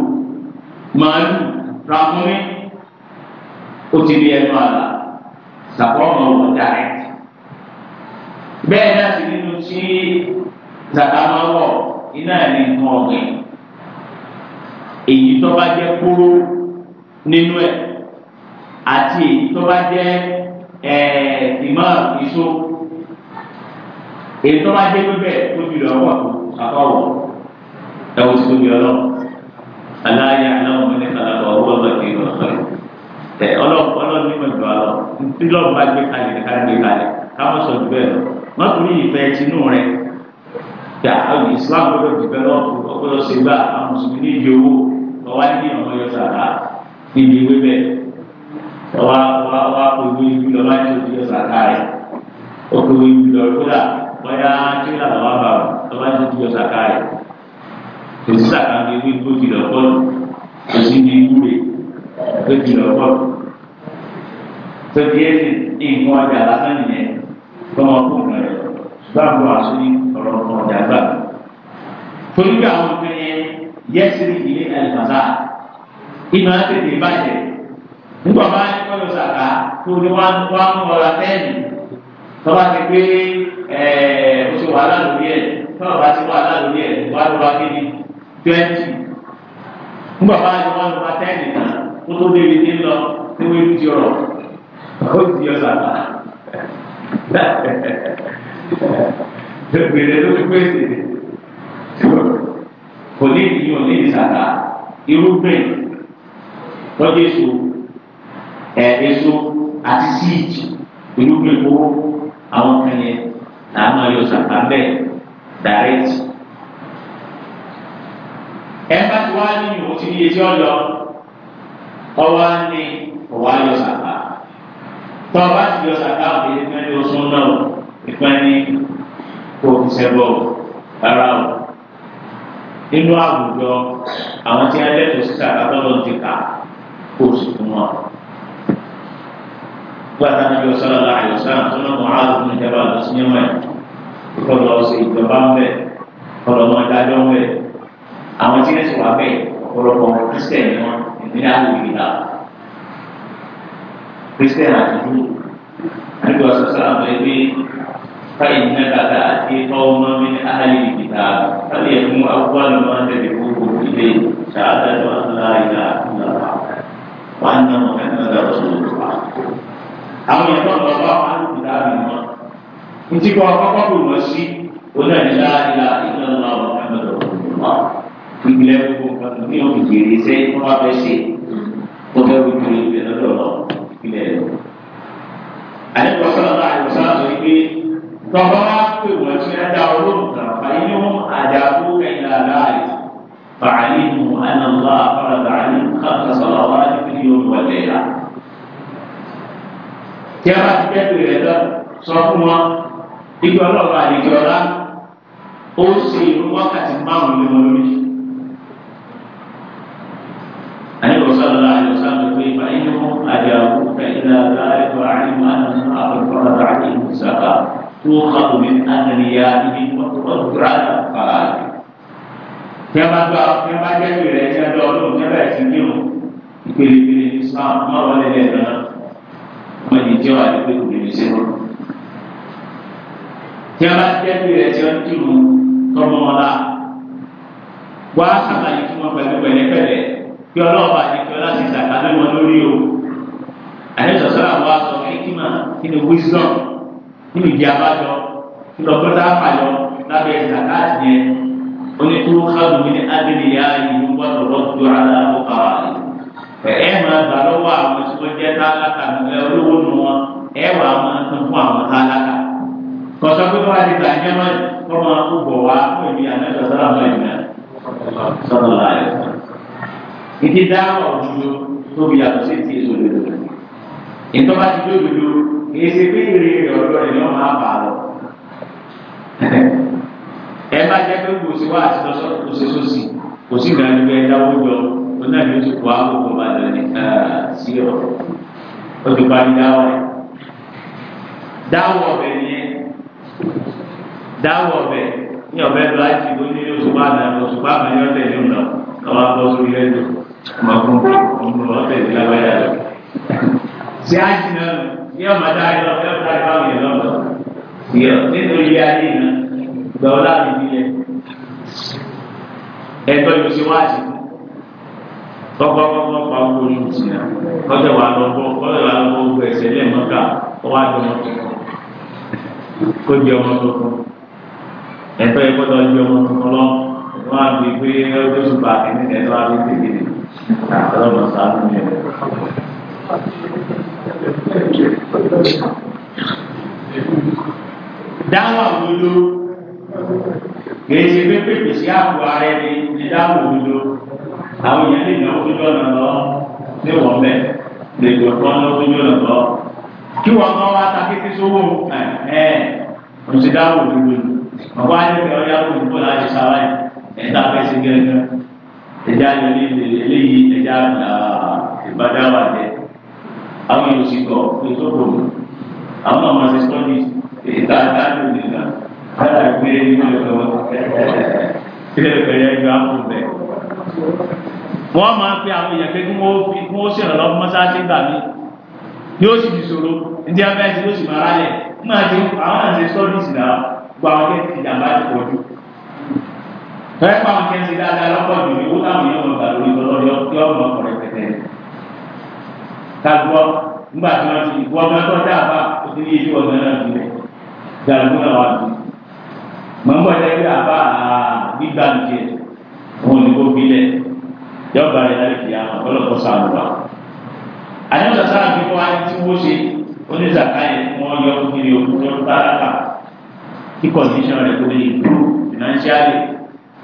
màálù ràkúnmí ó ti di ẹnu àlà sàkọ́ ọ̀nà ọ̀wọ́ dàrẹ́ bẹ́ẹ̀ náà sì nínú tí zàtà máa wọ̀ iná ẹ̀ ní àti èyí tó bá jẹ́ ìmọ̀ ìṣó èyí tó bá jẹ́ pípẹ́ tó fi lọ́wọ́ àkọ́wọ́ ẹ̀wọ̀n tó fi ọlọ́ aláya aláwọ̀ mẹ́lẹ́ kàlàbọ̀ owó ọlọ́ọ̀kì ìrọ̀lọ́rẹ́ ẹ ọlọ́ọ̀kọ́ ọlọ́ọ̀ nímọ̀ ìjọ alọ́ tí lọ́ọ̀ bá gbé kalẹ̀ ká gbé kalẹ̀ ká mọ̀ sọ̀tù bẹ́ẹ̀ lọ wọ́n tún ní ìfẹ́ tinú rẹ̀ gbà àwọn Islam gbọ́dọ̀ jù bẹ́ẹ̀ lọ́ọ̀kù ọgbọ́dọ̀ ṣe gbà àwọn mùsùlùmí ní ìdí owó ọwá ní ọmọ yọ sàrà níbi ìwé bẹ́ẹ̀ ọba ọba ọba òwe ibi lọ láti ojú ọ̀sà káàrẹ̀ òkè òwe ibi lọ kódà bọ́yá kílà lọ́wọ́ bá ọ lọ́wọ́ ti ojú ọ̀sà káàrẹ̀ èsì sàkàndé wí kó jìlọ pọ́lù èsì ní ìwúre kó jìlọ pọ́lù tó di ẹsẹ̀ nǹkan ọjà lásán nìyẹn kọ́mọ kó nǹkan rẹ̀ gbàgbọ́ àṣọ ní ọ̀rọ̀ nǹkan ọjà gbà. torí bí àwọn ọmọ yẹn yẹ́sìrì ilé ẹ̀ nígbà bá ní kọ́ lọ sàkà tó ní wá wá ń wọra tẹ́ẹ̀nì tọ́ba ti pé o ṣe wàhálà lórí ẹ̀ tọ́ba bá ti wàhálà lórí ẹ̀ wá lọ́ba kéde twenty nígbà bá ní wá lọ́ba tẹ́ẹ̀nì náà kó tó débi ní lọ tí wọ́n ti rọ̀ ó ti yọ sàkà gbèrè ló fi pèsè kò ní ìdíyàn ní ìsàkà irúgbìn lọ́jọ́ èso èso àti síìtì irúgbìn kówó àwọn kan yẹn náà máa yọ sàkà bẹ́ẹ̀ dàrẹ́tì. ẹ bá ti wá ní ìwọ̀n tí iye tí ó lọ ọwọ́ á ní ọwọ́ á yọ sàkà tó o bá ti yọ sàkà òkè nípa ní oṣù náà nípa ní kò fi ṣẹ́gbọ́ rárá àwùjọ àwọn tí a lẹ́tọ̀ọ́ sí sàkà ti kà kó o sì gbàtà níbi ọ̀sán aláìsàn àtúnà mọ̀hálù ní ìjọba àlọ́síyẹ́mọ̀ ẹ̀ kọlọ ọ̀sẹ̀ ìjọba ń bẹ̀ kọlọ ọmọ ìdájọ́ ń bẹ̀ àwọn tí wọ́n ti wà bẹ̀ ọ̀pọ̀lọpọ̀ kristian ni wọn ìpínlẹ̀ àlùbí la kristian àti júù níbi ọ̀sán sábà ẹgbẹ́ fáyìn náà dàda àti ọmọ mi ní àhálì ìgbìta fáyìn mú awúgbálù máa ń tẹ̀lé gbogbo ilé àwọn yẹn náà lọ bá wọn àlùkù dáàbì wọn ntí kọ́ ọkọ́ kò wọ́n sí onáyìnlá ìlà ìlànà Muhammad ọ̀hún ìgbìlẹ̀ gbogbo nǹkan ní òun ìgbèrè sẹ́ wọ́n bá fẹ́ ṣe wọ́n fẹ́ wọ́n kiri ìgbẹ́ lọ́dọ̀ lọ ìgbìlẹ̀ lọ. àyẹ̀wò sọ́nà àyẹ̀wò sọ́nà sọ pé tọ́kọ́ wá pè wọ́n tí wọ́n dá olóògùn kan fàyínú àdàbò ẹ̀yìn àdáàlì tí a bá ti kẹ́kọ̀ọ́ rẹ̀ lọ sọ fún wọn ìgbà ọlọ́ọ̀bà àdìgbò ọ̀la ó ṣe ìlú wákàtí márùn-ún lé wọn lórí. àyẹ̀wò sọ̀rọ̀ àyẹ̀wò sọ̀rọ̀ pé ìgbà inú àyẹ̀wò ìlà àyẹ̀wò àyẹ̀wò àyẹ̀wò àbẹ̀fọ́rọ̀ àyẹ̀wò sàkà tó kàwé mi àtẹnìyà ibi ọ̀dùnrà àkàrà. tí a bá gbà tí a bá kẹ́kọ̀ọ́ rẹ̀ tí a dọ̀ ọdún tí a bá ẹ̀ wọ́n di tí wọ́n á dúpẹ́ kò níbi sí wọn. tí wọ́n bá jẹ́ pé rẹ̀ tí wọ́n ti mú tọ́mọ wọn la wá sábà yìí fún wọn pẹ̀lú pẹ̀lẹ́pẹ̀lẹ́ kí ọlọ́ọ̀bà àti kí ọlá ti sàkà lé wọn lórí o. àdéhùn sọ̀rọ̀ àwọn aṣọ ẹ̀kímà kí ni wisdom kí ni ìdí abájọ kí lọ́gbọ́dá àpàyọ lábẹ́ ìsàkà yẹn oníkúrú káàdùn mi ní adìyẹ yìí wọ́n lọ́ọ́ dúró ẹ máa gbà lọ́wọ́ àwọn tí wọ́n jẹ́ tálákà ẹ olówó nu wọn ẹ wà máa tún fún àwọn tálákà kọ̀sọ́ pé wọ́n á ti gbàgbé mọ́ kọ́ máa kú bọ̀ wá fún ìdí àmẹ́sọ̀ sọ́dọ̀ mọ́ ìgbà sọ́dọ̀ láyé. ìdí dáhùn ọ̀dùnú tóbi yàtọ̀ sí ti èso lòdò. ìtọ́ba ti dó lòdò kìí ṣe pé ọ̀dọ́ rẹ̀ yóò máa bà lọ. ẹ bá jẹ́ pé kò sí wá àti òun náà ló ti kó àkókò balẹ̀ nìkan sí ọ̀ ó ti bá ní dáwọ̀ rẹ̀ dáwọ̀ ọbẹ̀ nìyẹn dáwọ̀ ọbẹ̀ ní ọbẹ̀ lọ àti ìbò ní oṣù bá nà oṣù bá nà yọ tẹ̀lé ńlọ káwá bọ́ sórí lẹ́nu ọmọkùnrin ọmọ tẹ̀lé lágbáyà lọ. ṣé á jìnnà ní ọmọdé ayé lọ fẹ́ fún ayé báwọn yẹn lọ́wọ́ nínú ilé ayé náà gbọ́ láti nílẹ̀ ẹ̀tọ́ ìṣèwádìí tọ́kọ́ kọ́kọ́ pa owó ní ìsìnà kọ́tẹ̀ wà lọ́kọ́ kọ́tẹ̀ wà lọ́kọ́ gbogbo ẹ̀sẹ̀ lẹ́ẹ̀mọ́ta ọwọ́ àdúmọ̀ kó di ọmọ tuntun ẹ̀tọ́ yẹ kọ́tọ̀ di ọmọ tuntun lọ ẹ̀tọ́ wà bí pé ọjọ́ ṣùgbọ́ àkínní ẹ̀tọ́ wà bí tèmi ni ọlọ́mọ sáà ń yẹ. dáwọ̀ òdodo kì í ṣe pé pèpè sí àpò ara ẹni ní dáwọ̀ òdodo àwọn èèyàn lè náwó lójú ọ̀nà lọ sí wọ́n bẹ̀ lè gbọ́ tó ń náwó lójú ọ̀nà lọ. kí wọ́n kọ́ wá takété sówó ẹ̀ ẹ̀ òṣèdáwò òdodo ọ̀pọ̀ ayélujára ọ̀yá kò ní bọ́lá ṣe sára ẹ̀ ẹ̀dá fẹ́ sí gẹ́gẹ́ ẹ̀dá eléyìí ẹ̀dá ìbádáwà jẹ́ àwọn èèyàn sì gbọ́ ètò òkòwò àwọn ọmọ ṣe sọ́ọ́dì ìta àdáyò nìkan láti gbé nínú ẹ̀rọ ẹ̀ẹ́dẹ́gbẹ̀rẹ́ ẹ̀dá kò bẹ̀rẹ̀. wọ́n máa pe àwọn èèyàn pé kí wọ́n fi kí wọ́n ṣèrànlọ́wọ́ mọ́sáàsì gbà mí yóò sì di ṣòro ní abẹ́rẹ́ yóò sì máa rálẹ̀ nígbà tí àwọn náà ṣe sọ́ọ́dún náà gba àwọn kẹ́kẹ́ ìjàmbá ti pọ̀ jù fẹ́ẹ́ pa àwọn kẹ́kẹ́ dáadáa lọ́pọ̀ jù ní owó táwọn gbà lórí pẹ̀tẹ́ kagbọ́ tí wọ́n ti fún olùkó gbilẹ̀ yọba rẹ̀ láti fi àwọn ọlọ́kọ̀ sáà wà. àyẹ̀wò sàṣà àbí wọn á ti wó ṣe oníṣàkà yẹn wọn yọ kiri òkú tó ń bá àlà kí kọ̀ǹdíṣàn rẹ̀ kò lè dúró financially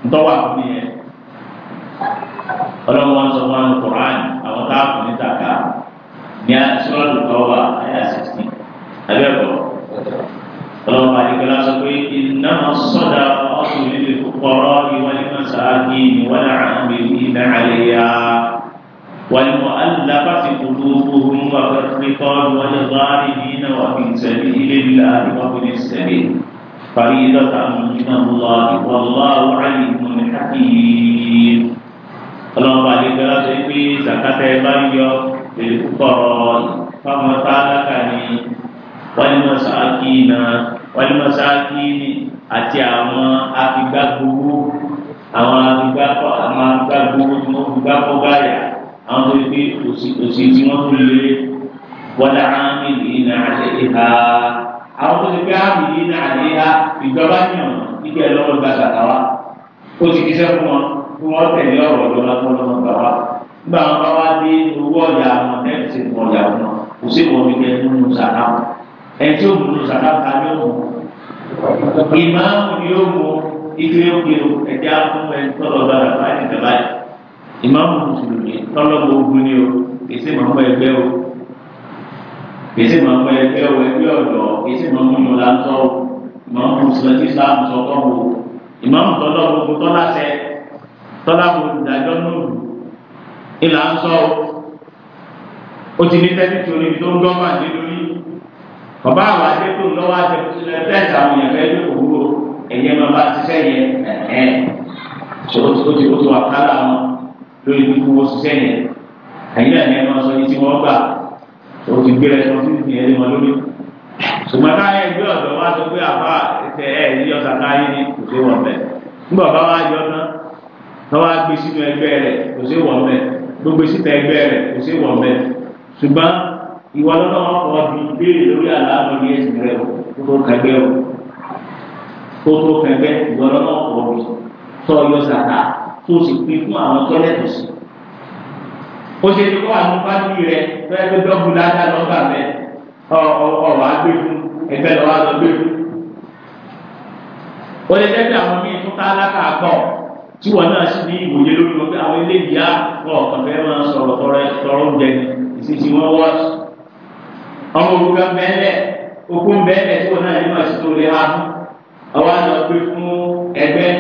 ntọ́wà fún mi yẹn. ọlọ́wọ́n sọ wọn ní Kùránì àwọn tá a kò ní tàkà ní asọ́ọ̀lù tọ́wà àyà sixteen abẹ́kọ̀ ọlọ́wọ́n àdìgbẹ́lá sọ pé ìnáwó sọ́dà والعاملين عليها والمؤلفة قلوبهم وفي الرقاب والغارمين وفي سبيل الله وفي السبيل فريضة من الله والله عليم حكيم اللهم بارك لنا في زكاة باريو للفقراء فما تعلقني والمساكين والمساكين أتي أما أكيد àwọn agbábọ àwọn agbábọ tí wọn fi gbábọ báyà àwọn tó fi òsì òsì tí wọn fi lé wọlé àmì yìí nà àlẹ ìhà àwọn tó fi gbé àmì yìí nà àlẹ ìhà ìjọba yàn nígbà lọ́wọ́ gbàgbà tàwa ó ti kíṣẹ fún wọn fún wọn tẹ́lẹ̀ ọ̀rọ̀ ìjọba fún wọn gbà wá nígbà wọn bá wá dé owó ọjà wọn náà ti mọ ọjà wọn kò sí wọn fi nínú sàdáwọ ẹni tí ó mú sàdáwọ ta ni ó ìmáàmù ni ó ike oge ẹja fún ẹ tọlọ bára bá ní ìjọba yìí ìmáàmù mùsùlùmí tọlọ bó gun ni o kèsì máa ń bọ ẹgbẹ o kèsì máa ń bọ ẹgbẹ o ẹgbẹ ọdọ kèsì máa ń mú ìlànà tọ o ìmáàmù mùsùlùmí ti sáà mùsọ o ìmáàmù tọlọ gbogbo tọlá sẹ tọlá gbogbo ìdájọ nùlù ìlànà tọ o o ti ní tẹ́tí tó ní tó ń gbọ́ máa dé lórí bàbá àwọn adé tó ń lọ́wọ́ adé tó àwọn èèyàn fẹ́ẹ́ ní ẹ̀yẹ́ máa bá ṣiṣẹ́ yẹn ẹ̀ẹ́ ṣòro tó ti tó wà kálá wọn lórí kíkú wọn ṣiṣẹ́ yẹn ẹ̀yìn náà ni ẹ máa sọ ní tí wọ́n gbà tó ti gbé ẹ sọ fífi ẹ lé wọn lórí. ṣùgbọ́n káyọ̀ ìgbé ọ̀dọ́ wa sọ pé àbá ẹ ẹ yí ọ̀sà káyé ni kò sí wọn bẹ́ẹ̀ nígbà bá wa yọ ná tọ́wọ́ gbé sínú ẹgbẹ́ rẹ̀ kò sí wọn bẹ́ẹ̀ gbogbo síta ẹgbẹ́ rẹ̀ kò sí wọn bẹ́ẹ̀ ṣùgbọ́n ìwà lọ́dọ̀ wọn kọ́ bí béèrè lórí àlá tó tó fẹ̀fẹ́ ìwọ́lọ́ náà pọ̀ bí tó yọ sàtà tó sì pín fún àwọn tọ́lẹ̀tì sí. ó ṣe ní kó àwọn pátì rẹ fẹ́ẹ́ tó dọ́kun dáadáa lọ́gbà mẹ́ ọ̀rọ̀ àgbẹ̀ fún ẹgbẹ́ lọ́wọ́ àgbẹ̀ fún. ó lè jẹ́ pé àwọn míì fún tálákà kọ̀ tí wọn náà sì ní ìwòye lórí wọn pé àwọn eléyìí á wọn kàn fẹ́ máa sọ̀rọ̀ tọrọ oúnjẹ ìsinsin wọn wọ́n ọmọ òrùka bẹ́ẹ̀ lẹ̀ okun bẹ́ẹ̀ lẹ̀ tí wọn náà ní màsí tó lè ha fún àwọn àna pé fún ẹgbẹ́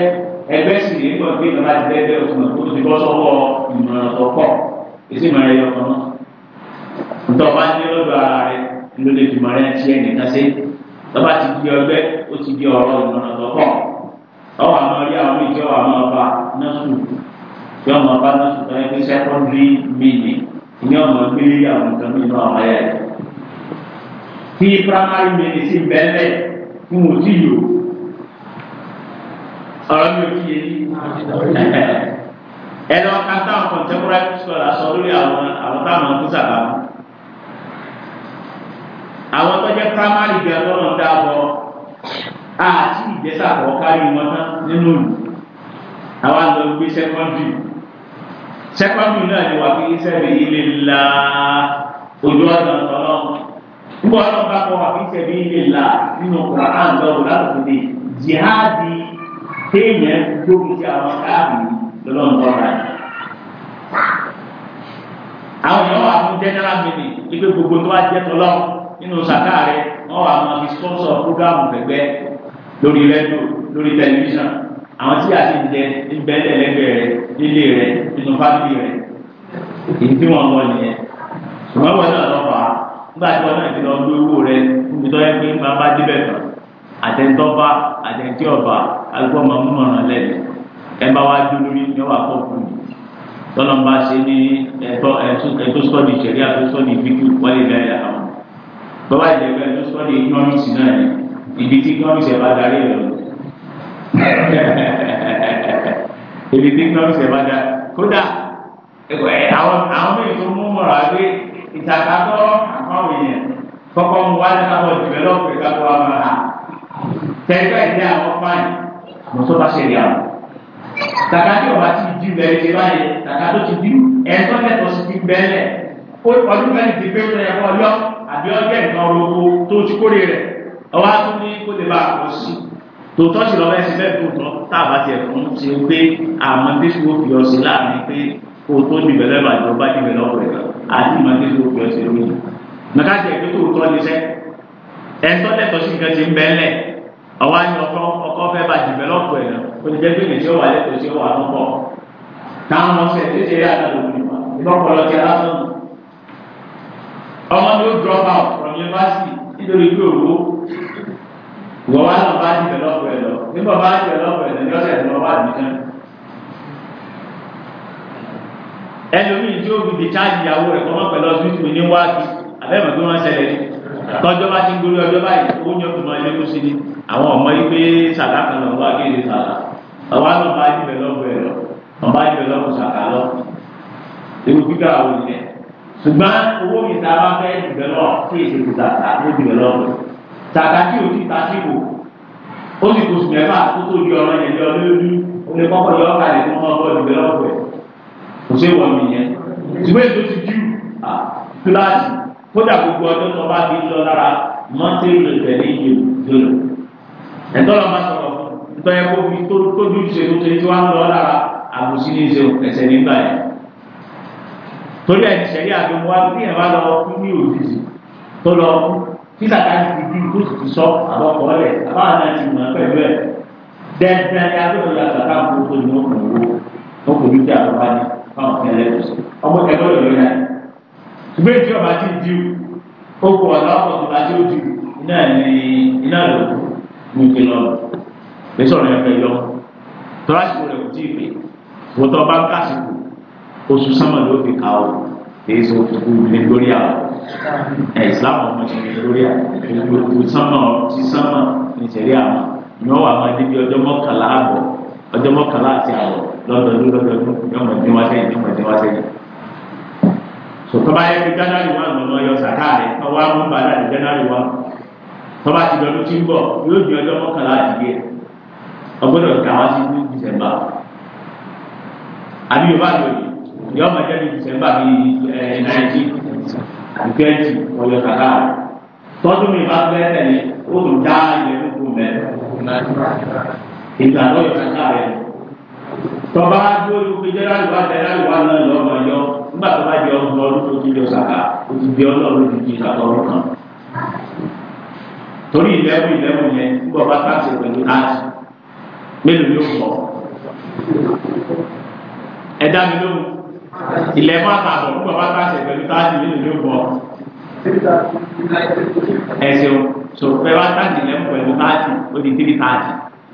ẹgbẹ́ sì ní gbọ́n pé ìjọba ti dẹ́gbẹ́ òtún àti tó ti bọ́ sọ́wọ́ ìmọ̀ràn tó pọ̀ èsì máa yọ ọkàn náà ntọ́ba ní lọ́dọ̀ ara rẹ ló lè fi mọ̀rẹ́ tiẹ̀ nìkan sí tọ́ba ti di ọgbẹ́ ó ti di ọ̀rọ̀ ìmọ̀ràn tó pọ̀ ọwọ́ àwọn ọ̀rẹ́ àwọn ìjọ àwọn ọba náà sùn ìjọ àwọn ọba náà sùn tọ́yẹ pé sẹ́kọ́ndì mìíní ìní ni gbélé àwọn nǹkan mìíràn ọmọ yẹn. tí primary medicine bẹ́ẹ̀ fún ọ̀rọ̀ mi ò kí yé ẹnu ọ̀ka táwọn contemporary scholars sọ lórí àwọn àwọn táwọn ọ̀kú sábà mú àwọn tó jẹ́ primary gan lọ́nà dáàbọ̀ àti ìjẹ́sàkọ̀ kárí wọn tán nínú ìlú àwọn àlọ́ gbé secondary secondary náà ni wà fi sẹ́bi ilé ńlá ojú ọ̀nà tọ́lọ́ nígbà wọn bá kọ́ wà fi sẹ́bi ilé ńlá nínú Quran lọ́wọ́ láti fi dé jihadi téèyàn lórí sí àwọn káàbì lọ́lọ́run tó ra yìí. àwọn èèyàn wà fún general meeting wípé gbogbo tó wá jẹ́ tọ́lọ́ nínú sàkà rẹ wọ́n wà máa fi sponsor program gbẹgbẹ́ lórí rédíò lórí tẹlifíṣàn àwọn tí a ti ń jẹ níbẹ̀lẹ̀ lẹ́gbẹ̀ẹ́ rẹ nílé rẹ nínú fábílì rẹ èyí tí wọ́n lọ nìyẹn ṣùgbọ́n wọn náà lọ fà á nígbà tí wọn náà ti lọ gbé owó rẹ níbi tó yẹ pé bàbá débẹ̀ tán àtẹ̀ntọ́ba àtẹ̀ntí ọba alùpùpù máa mú ọ̀ràn lẹ́nu ẹ̀ńbá wa dún lórí ní ọwọ́ àkọ́kù ni tọ́lọ́mbà ṣe ní ẹ̀tọ́ ẹ̀tọ́ sọ́ọ̀dì ṣẹ̀rí àtọ́ sọ́ọ̀dì fíkú wọlé lẹ́yà àwọn bàbá ìjẹ̀bẹ̀ ẹ̀tọ́ sọ́ọ̀dì economics náà ni ibi tí economics ẹ̀ bá darí ẹ̀ lọ ibi tí economics ẹ̀ bá darí kódà àwọn àwọn mí tó mú mọ̀rọ̀ àgbé ìtàkàtọ́ àkọ́wé yẹn kọ́kọ́ mu wá ní káwọ́ develop káwọ́ àmàlà tẹgbẹ́ ìdí àwọn fáìlì mọ̀tọ́ bá ṣẹlẹ̀ àwọn. Tàkà tí ọba ti di bẹ̀rẹ̀ ṣe báyìí, tàkà tó ti di ẹ̀tọ́ lẹ́tọ̀ sí ti bẹ̀rẹ̀. Ọdún mẹ́rin ti gbé tó yẹ kọ́ yọ àbí ọjọ́ ìgbà olóko tó ti kórè rẹ̀. Ọba tún ní kó lè bá àpò sí. Tòótọ́ sì lọ́wọ́ ẹsẹ̀ bẹ́ẹ̀ tó tọ́ táàbà ti ẹ̀kún ṣe pé àmọ́ Jésù ó fi ọ̀sẹ̀ láàrin pé kó o tó dìbẹ̀ lẹ́bàá ìjọba dìbẹ̀ lọ́wọ́ rẹ̀ àti ìmọ̀ Jésù ó fi ọ̀sẹ̀ lóyún. Nàkàtì ẹ̀kú tó tọ́ ní sẹ́ ẹ̀tọ́ lẹ́tọ̀ sí nǹkan ti ń bẹ́ẹ̀ àwa ni ọkọ ọkọ fẹ́ bá dìbẹ́lọ́pù ẹ̀ oníjẹ́bí ni tí ó wà lẹ́tọ̀ọ́ tí ó wà lọ́pọ̀ táwọn ọmọ sẹ̀ tí ó rí àdàlù ìbọ̀pọ̀lọ ti lásán ọmọ tó drop out from university nítorí pé òwò wá lọ bá lọ nígbà bá lọ ní wà nìkan ẹlòmíì tí ó fi tọ́jọ́ bá ti ń gorí ọjọ́ báyìí ó ń yọkùn máa lékún sí ni àwọn ọmọ yìí pé sàkà kan lọ wá kéde sàkà ọba náà bá yí bẹ̀rẹ̀ lọ́gbọ̀ lọ ọba yí bẹ̀rẹ̀ sàkà lọ ewu gbígbà wò ni ẹ̀ ṣùgbọ́n owó mi ta bá fẹ́ dìbẹ̀ lọ sí ìṣègùn sàkà ló dìbẹ̀ lọ́gbọ̀ sàkà tí o ti ta sí wò ó sì kò sùn mẹ́fà tó tó di ọ̀rọ̀ yẹn lọ lójú ó lè kọ́kọ́ yọ ọ́kà lè fún ọgbọ́n dìbẹ̀ lọ́gbọ̀ ẹ̀ kò sí ìwọ̀n kódà gbogbo ọjọ́ tó bá fi lọ lára mọ́tì ìrìnsẹ̀ ní ìjòlò ẹ̀tọ́ lọ máa sọ̀rọ̀ nítorí ẹ̀kọ́ fi tójú ìṣèlú tó ti wá ń lọ lára àbùsí ní ìṣèlú ẹ̀sẹ̀ nígbà yẹn torí ẹ̀ ìṣẹ̀lẹ̀ àbẹ̀wò wa bí ẹ̀ bá lọ fún ní òjijì tó lọ fún títà ká ti di kó sì ti sọ àbọ̀kọ̀ rẹ̀ àbáwọn náà ti mọ̀ pẹ̀lú ẹ̀ dẹ́gbẹ́ adéwọ̀n yàtọ̀ káàkiri tó ní ọkùnrin wo ọkùnrin tí a lọ bá ní fáwọn kẹlẹ́ ọmọ kẹlẹ́ ọ̀yọ́ yẹn ìgbé tí ọba ti di o kò ọ̀dọ́ ọ̀pọ̀ àti o di iná ní iná lò ní ìpè lọ lè sọ̀rọ̀ ẹ̀fẹ̀ yọ tọ́lá ìṣòro rẹ̀ kò tí ì pè wọ́tọ̀ bá ń kásìkò oṣù sánmà ló fi kà ó èyí sọ fún mi lórí àwọn ẹ̀ ìsìlámù ọmọ ti mi lórí àwọn oṣù sánmà ti sánmà ní ìṣẹ̀rí àwọn ni wọ́n wà máa débi ọjọ́ mọ́kànlá àbọ̀ ọjọ́ mọ́kànlá àti àbọ̀ lọ́dọọdún lọ́dọọdún yọmọdé wá sẹ́yìn yọmọdé wá sẹ́yìn sọtọba yẹ pé january one lọ́nà yọ sàkà rẹ ọwọ́ àwọn bàdà january one tọba ti dọdún tí ń bọ̀ yóò di ọjọ́ mọ́kànlá àdìgẹ ọgbọ́dọ̀ gà wá sí ní december àbí yorùbá lò yìí yọọ máa jẹ ní december bíi ẹ nineteen twenty ọyọ sàkà rẹ tọdún mi bá fẹ́ tẹ̀lé ó lù dá ilẹ̀ nínú mẹ́rin ìgbà lọ́yọ̀ sàkà rẹ tọba adúlóyún péjọ láìwá tẹ láìwá náà lọ́mọ yọ nígbà tó bá jẹ ọmọ ọdún tó ti lọ sàkà ó ti di ọlọ́run ti di ìsàkọ ọdún kan torí ìlẹ́wù ìlẹ́wù yẹn nígbà bá tàṣe pẹ̀lú láti mélòó yóò pọ̀ ẹ dá mi lóhùn ìlẹ́wù àtàbọ̀ nígbà bá tàṣe pẹ̀lú láti mélòó yóò pọ̀ ẹ ṣeun so fẹ́ wá tàṣe ìlẹ́wù pẹ̀lú láti ó di tírí tàṣe.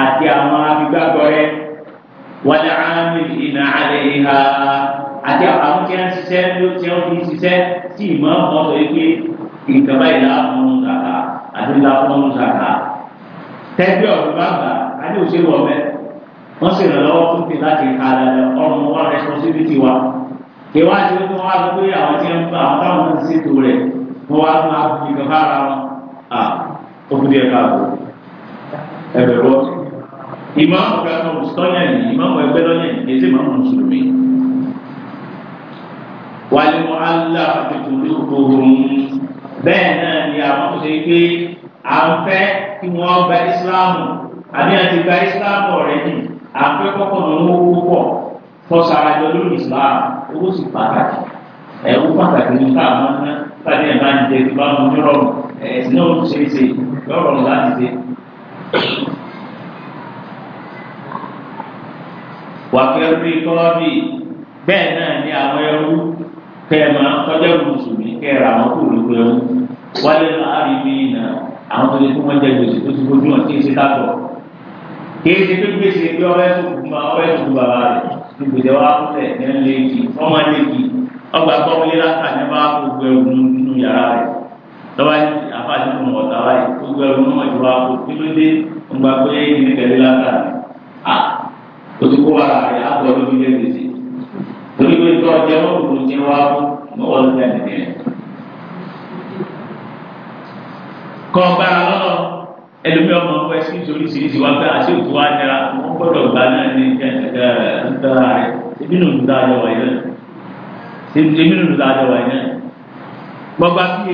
àti àwọn afigbágbọ́rẹ́ wọlé àmìlì iná alẹ́ ìhà àti àwọn tí wọ́n ṣiṣẹ́ ló tí wọ́n fi ṣiṣẹ́ tí ìmọ̀ ọmọ sọ pé nǹkan báyìí láàfún ṣàkà àti láàfún ṣàkà tẹ́gbẹ́ ọ̀rọ̀ bàbà á ní òṣèlú ọ̀bẹ wọ́n sì ràn lọ́wọ́ fún mi láti ara ọrùn wọn responsibility wa ìwà àti wípé wọn á sọ pé àwọn tí wọn bá àwọn táwọn ti ṣètò rẹ̀ wọn wá fún abùkù ìkàfà ara wọn à ó kú díẹ̀ káàbọ̀ ìmáàmù kan tọ́yàn yìí ìmáàmù ẹgbẹ́ lọ́yàn yìí èsì ìmáàmù mùsùlùmí. wàlẹ́ mu alá àbẹ̀tòlú òhun bẹ́ẹ̀ náà ni àwọn kò ṣe pé à ń fẹ́ kí wọ́n gba ìsìláàmù àbí àti gba ìsìláàmù ọ̀rẹ́ yìí à ń fẹ́ kọ́kọ́ ní owó púpọ̀ fọ́sàrájọ lórí ìsìláàmù owó sì pàtàkì ẹ̀wọ́ pàtàkì ní káàmù náà tàbí ẹ̀ máa ń jẹ ìbámu nírọ̀rùn ẹ̀sìn náà ó ṣe é ṣe lọ́rọ̀ láti ṣe. wàkẹ́rù ìtọ́lọ́bì bẹ́ẹ̀ náà ni àwọn ẹrú kẹ́ẹ̀mà kọjá mùsùlùmí kẹ́ẹ̀rà àwọn kò ní pẹ́ wọn wálé àríwí iná àwọn tó lè fún wọn jẹ gbèsè tó ti fojú hàn kí èsì káàbọ̀ kí èsì tó gbèsè pé ọwọ́ ẹ̀sùn kùmà ọwọ́ ẹ̀sùn bàbá rẹ̀ ní gbèsè wa kúlẹ̀ ní ń lé kí ọmọ lé kí ọgbà gbọ́ wọlé láta ní bá gbogbo ẹrù nínú yàrá rẹ̀ lọ́wọ́ àfáàjì fún ọ̀tá wáyé gbogbo ẹrù nínú ọ̀jọ̀ wa kó kí ló dé ọgbà gbé o ti kó ara rẹ̀ àbọ̀ lórí ilé tètè torí pé tó ọjọ́ wọn kò jẹ́ wá mọ́ wọn lọ́dún ẹ̀ nìyẹn. kọ́ ọba lọ́nà ẹlòmíọ́ ọmọ ọmọ ẹsẹ̀ oríṣiríṣi wá pé àṣẹ òtún wá nira wọn gbọ́dọ̀ gbà náà ní ẹ̀ẹ́dẹ́gbẹ̀rẹ̀ ẹbí nù ń dá ayọ̀ wáyé náà ẹbí nù ń dá ayọ̀ wáyé náà gbọ́gbá phd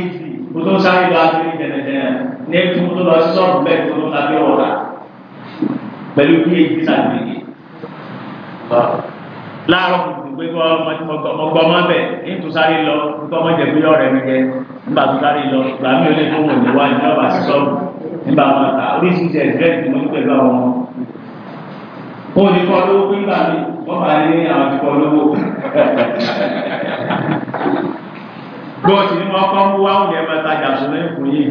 mo tó sáré lọ abiri dẹ̀dẹ̀dẹ̀ ní ẹtù mo tó lọ sí sọ́ọ̀bù bẹ́ẹ̀ tó lọ lábẹ́ ọ̀rá pẹ̀lú phd sàgbéyé láàárọ̀ kùtù pé kọ́ ọgbọ́n máa bẹ̀ nítorí sáré lọ nítorí ọmọ jẹ̀bi ọ̀rẹ́ mi jẹ nígbà tó sáré lọ ìgbà mi ò lè tó wọn níwá nígbà bá sí sọ́ọ̀bù nígbà wọn ta oríṣiríṣi ẹ̀dẹ́rẹ́ ti mọ́ pẹ̀lú àwọn ọmọ. ó ní kọ́ lówó pé nígbà mi wọ́n máa ní àwọn ti kọ́ lówó. bí wọ́n ti ní wọ́n kọ́ mú wáhùn yẹn máa tajà sọ lẹ́yìn fún yìí.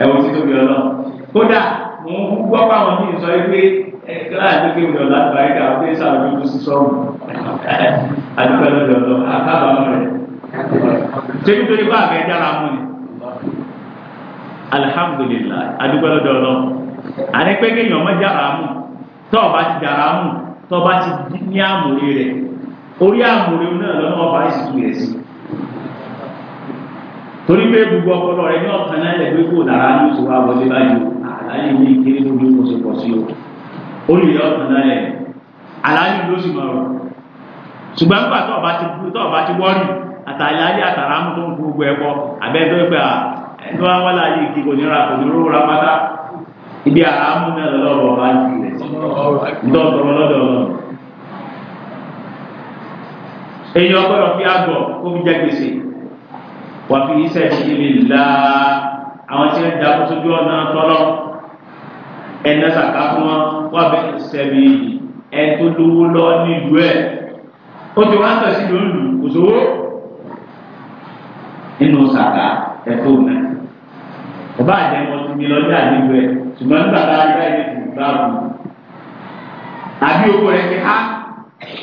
ẹ wọ́n ti tóbi ẹ̀kọ́ àdúgbò ìjọ lágbàáyé kà pé sàrùdúdú sí sọ́ọ̀mù àdúgbò ìjọ lọ àkábàámọ̀ rẹ̀ tẹ́bí tó ní bá àgbẹ̀ dára mú ni alihamudulilayi àdúgbò ìjọ lọ àní pé kéèyàn má dára mú tọ́ ọba ti dára mú tọ́ ọba ti ní àmúrí rẹ̀ orí àmúrí náà lọ́nà ọba ìsìtú rẹ̀ sí torí pé gbogbo ọpọlọ rẹ̀ ní ọ̀kan náà lẹ̀ pé kò dára ní oṣù wa wọlé báyìí àlàyé ní kéré lórí oṣù pọ̀ sí o olùyọ ọ̀tàn lálẹ́ aláàjì ló sì mọ̀rọ̀ ṣùgbọ́n nígbà tó ọba ti tó ọba ti wọ́ọ̀rì àtàlẹ́ ayé àtàrà mú tó ń kú gbogbo ẹ̀kọ́ àbẹ́ẹ̀dọ́ ìgbà ẹ̀dọ́ wà láàyè ìdí kò ní ra kò ní ró ra pátá ibi àhámú náà lọ́rọ̀ ọba ń ti rẹ̀ ńdọ́ tọrọ lọ́dọ̀ ọ̀nà. èyí ọgbọ́dọ̀ fi àgọ̀ kó fi jẹ́ gbèsè wà fi iṣẹ́ ìṣẹ́lẹ̀ la àwọn tí ń da kó sójú ọ̀nà tọ́lọ́ ẹ̀nà sàkà fún wọn wà bẹ́ẹ̀ sẹ́mi ẹ̀ tó lówó lọ nílùú ẹ̀ ó ti wá ń tẹ̀sí lónìí kò sówó nínú sàkà ẹ̀ tó nà ọba àjẹmọ ti di lọ́jà nílùú ẹ̀ ṣùgbọ́n nígbà tá a yá ẹ̀ kù báwù àbí owó rẹ̀ ti há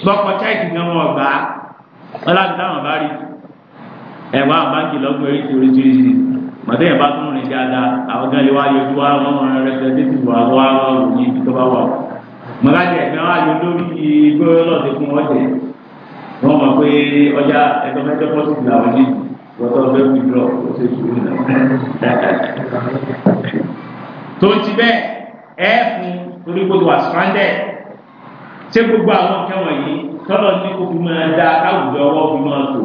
gbọ́kọ̀ chẹ́ẹ̀kì gan wọn gbà á táwọn bá rí ẹ̀wọ̀n àbájì lọ́gbọ̀n oríṣiríṣi mọ̀tẹ́yìn bá tún rìn dáadáa àwọn gan lè wá yọjú wá wọn wọn rẹpẹtẹtì wà wá wọn wò ní ibi tó bá wà. mọ̀láṣẹ ẹ̀gbẹ́ wa yọ lórí gbọ́dọ̀ lọ́ọ̀dẹ fún ọ̀jẹ̀ wọ́n mọ̀ pé ọjà ẹ̀tọ́ mẹ́tọ́ pọ́sìtì làwọn ní wọ́tọ́ ọ̀fẹ́ fi dúró ó ṣe sùúrù náà. tó ti bẹ́ẹ̀ ẹ fún torí gbogbo wa stranded ṣé gbogbo àwọn kẹwọn yìí tọ́lọ̀ ní kókó máa dá káwùjọ ọwọ́ fi máa tò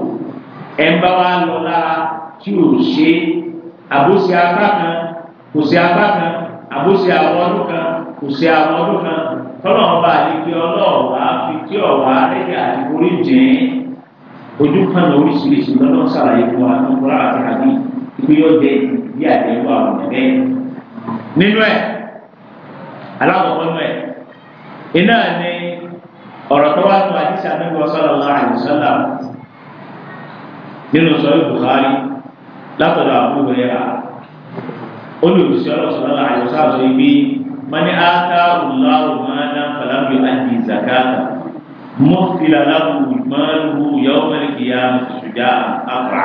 ẹ̀ ń bá wa lọ lára tí ò ṣe é àbòsí apá kan kò sí apá kan àbòsí àwọn ọdún kan kò sí àwọn ọdún kan tọ́nà ọba àdìgbé ọlọ́ọ̀wá fi kí ọ̀wá lẹ́yìn àdìgbòrí jẹ́ ojú kan náà oríṣiríṣi lọ́dọ̀ sàlàyé fún wa fún kúrò àti àbí ibi yóò jẹ bí àdéhùn àwọn ẹ̀rẹ́ nínú ẹ̀ aláwọ̀ nínú ẹ̀ iná ni ọ̀rọ̀ tó wá tó àdìsí àdìgbò sọ̀rọ̀ lọ́wọ́ àdìsọ́lá nínú sọ̀rọ̀ Bukhari látọ̀dọ̀ àbúrò rẹ̀ rà olùsí ọlọ́sọ̀rọ̀ náà àyọ̀sá àṣọ ibi mani aka ọ̀làwọ̀ máa ná fàlámì àjì zakata mọ́fìlà láwù mọ́lù yàwó mẹ́lìkì yá ṣùjá àfà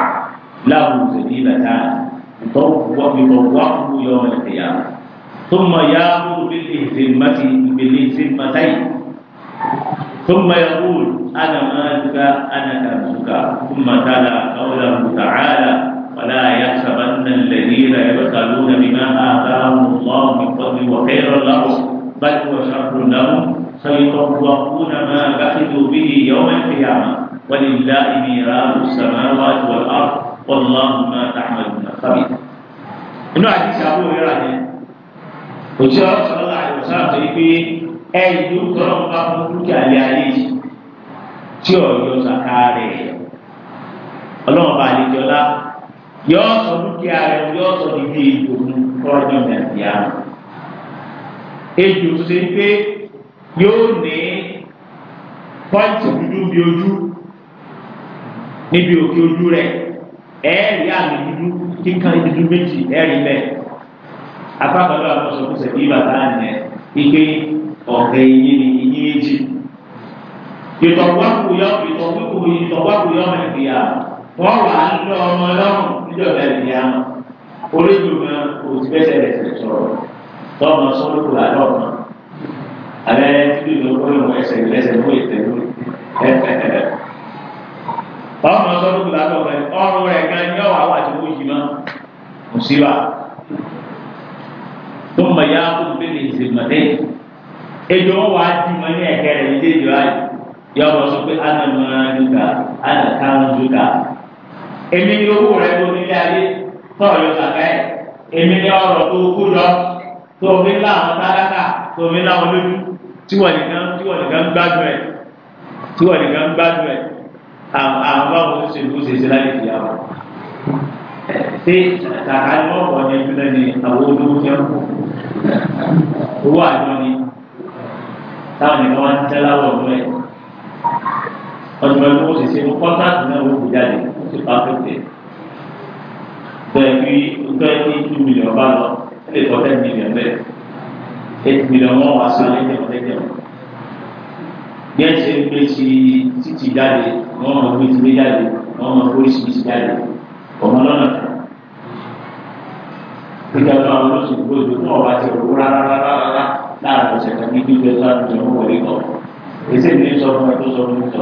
láwù sẹ̀dí làtà ìtọ́wọ́kù yàwó mẹ́lìkì yá ثم يأمر بالإهتمام بالإهتمامتين ثم يقول أنا مالك أنا كنزك ثم تلا قوله تعالى ولا يحسبن الذين يبخلون بما آتاهم الله من فضل وخير لهم بل هو شر لهم سيطوقون ما بخلوا به يوم القيامة ولله ميراث السماوات والأرض والله ما تعملون خبير. إنه حديث أبو هريرة òṣìṣẹ́ ọ̀sán ọ̀la àìwòsàn àti pé ẹ ìlú tọrọ bá fún dúkìá lé ayé yìí tí ọ̀yọ́ sàkà rẹ̀ ọlọ́run bá àlejò ọlá yọ sọ dúkìá rẹ yọ sọ níbi ètò ọdún kọjọ nàìjíríà ètò ṣe pé yóò ní pọ́ǹtì dúdú bí ojú níbi òkè ojú rẹ ẹ̀ẹ́rì àmì dúdú kíkan dúdú méjì ẹ̀ẹ́rì bẹ́ẹ̀ apákanlọ́ àkọsọ̀kọsọ̀ bí bàbá àná ike ọ̀kẹ́ iye ni iye méjì ìtọ̀wákùyọ́ ìtọ̀wákùyọ́ ìtọ̀wákùyọ́ mẹ́fìyà wọ́n wà á lọ ọmọ ọlọ́run ní ọ̀gá ìdí àmọ́ oríjì náà kò ti bẹ́sẹ̀ rẹ̀ ti sọ̀rọ̀ tọ́ọ̀mù sọ́dọ̀kù làdọ̀ kan alẹ́ tí bí ló kọ́ ìwọ̀n ẹsẹ̀ lẹ́sẹ̀ ló yẹ tẹ̀lé ẹ̀ẹ́dẹ̀ẹ̀dẹ̀ tọ́ọ̀mù sọ́dọ̀kù làdọ̀ kan ọrùn rẹ̀ kan ní ọ̀wà wà tí wọ́n yí mọ́ kò sí wa tó mọ̀ yá kó gbé lè ṣe mọ̀ dé ejò wọn wà á di mọ ní ẹ̀kẹ́ rẹ̀ ní èmi ní owó rẹ tó nílé ayé sọ̀rọ̀ sàkà ẹ̀ èmi ní ọ̀rọ̀ tó kú lọ tó mi láwọn sálákà tó mi láwọn lójú tí wọ́n nìkan tí wọ́n nìkan gbádùn ẹ̀ tí wọ́n nìkan gbádùn ẹ̀ àwọn báwo ló ṣe kó ṣe ṣe láti fi àwọn ṣé sàkà ni wọ́n kọ́ ní ìpínlẹ̀ ní àwọn olówó tí wọ́n kọ́ owó àjọ ni táwọn nìkan wá ń tẹ́láwọ̀ ọ̀dọ́ ẹ̀ ọdún ẹgbẹ́ òṣìṣẹ́ kọ́ńtàkì náà ó kù jáde ti pàfẹ́tì bẹ́ẹ̀ bí nǹkan ẹni two million bá lọ ẹ lè tọ́ ten million bẹ́ẹ̀ eight million wọn wà sí ọ̀lẹ́ jẹun ọ̀lẹ́ jẹun bí ẹ ṣe ń gbé ti títì jáde wọn mọ̀ gbé ti gbé jáde wọn mọ̀ gbé oríṣiríṣi jáde ọmọ lọ́nà kan ìjọba àwọn olóṣèlú gbòòdò náà wá ti rú rárá rárá rárá láàrin ọ̀sẹ̀ kan ní gbígbé láàrin ìjọba wọlé kan èsì ìdílé sọ fún ẹ tó sọ fún ẹ sọ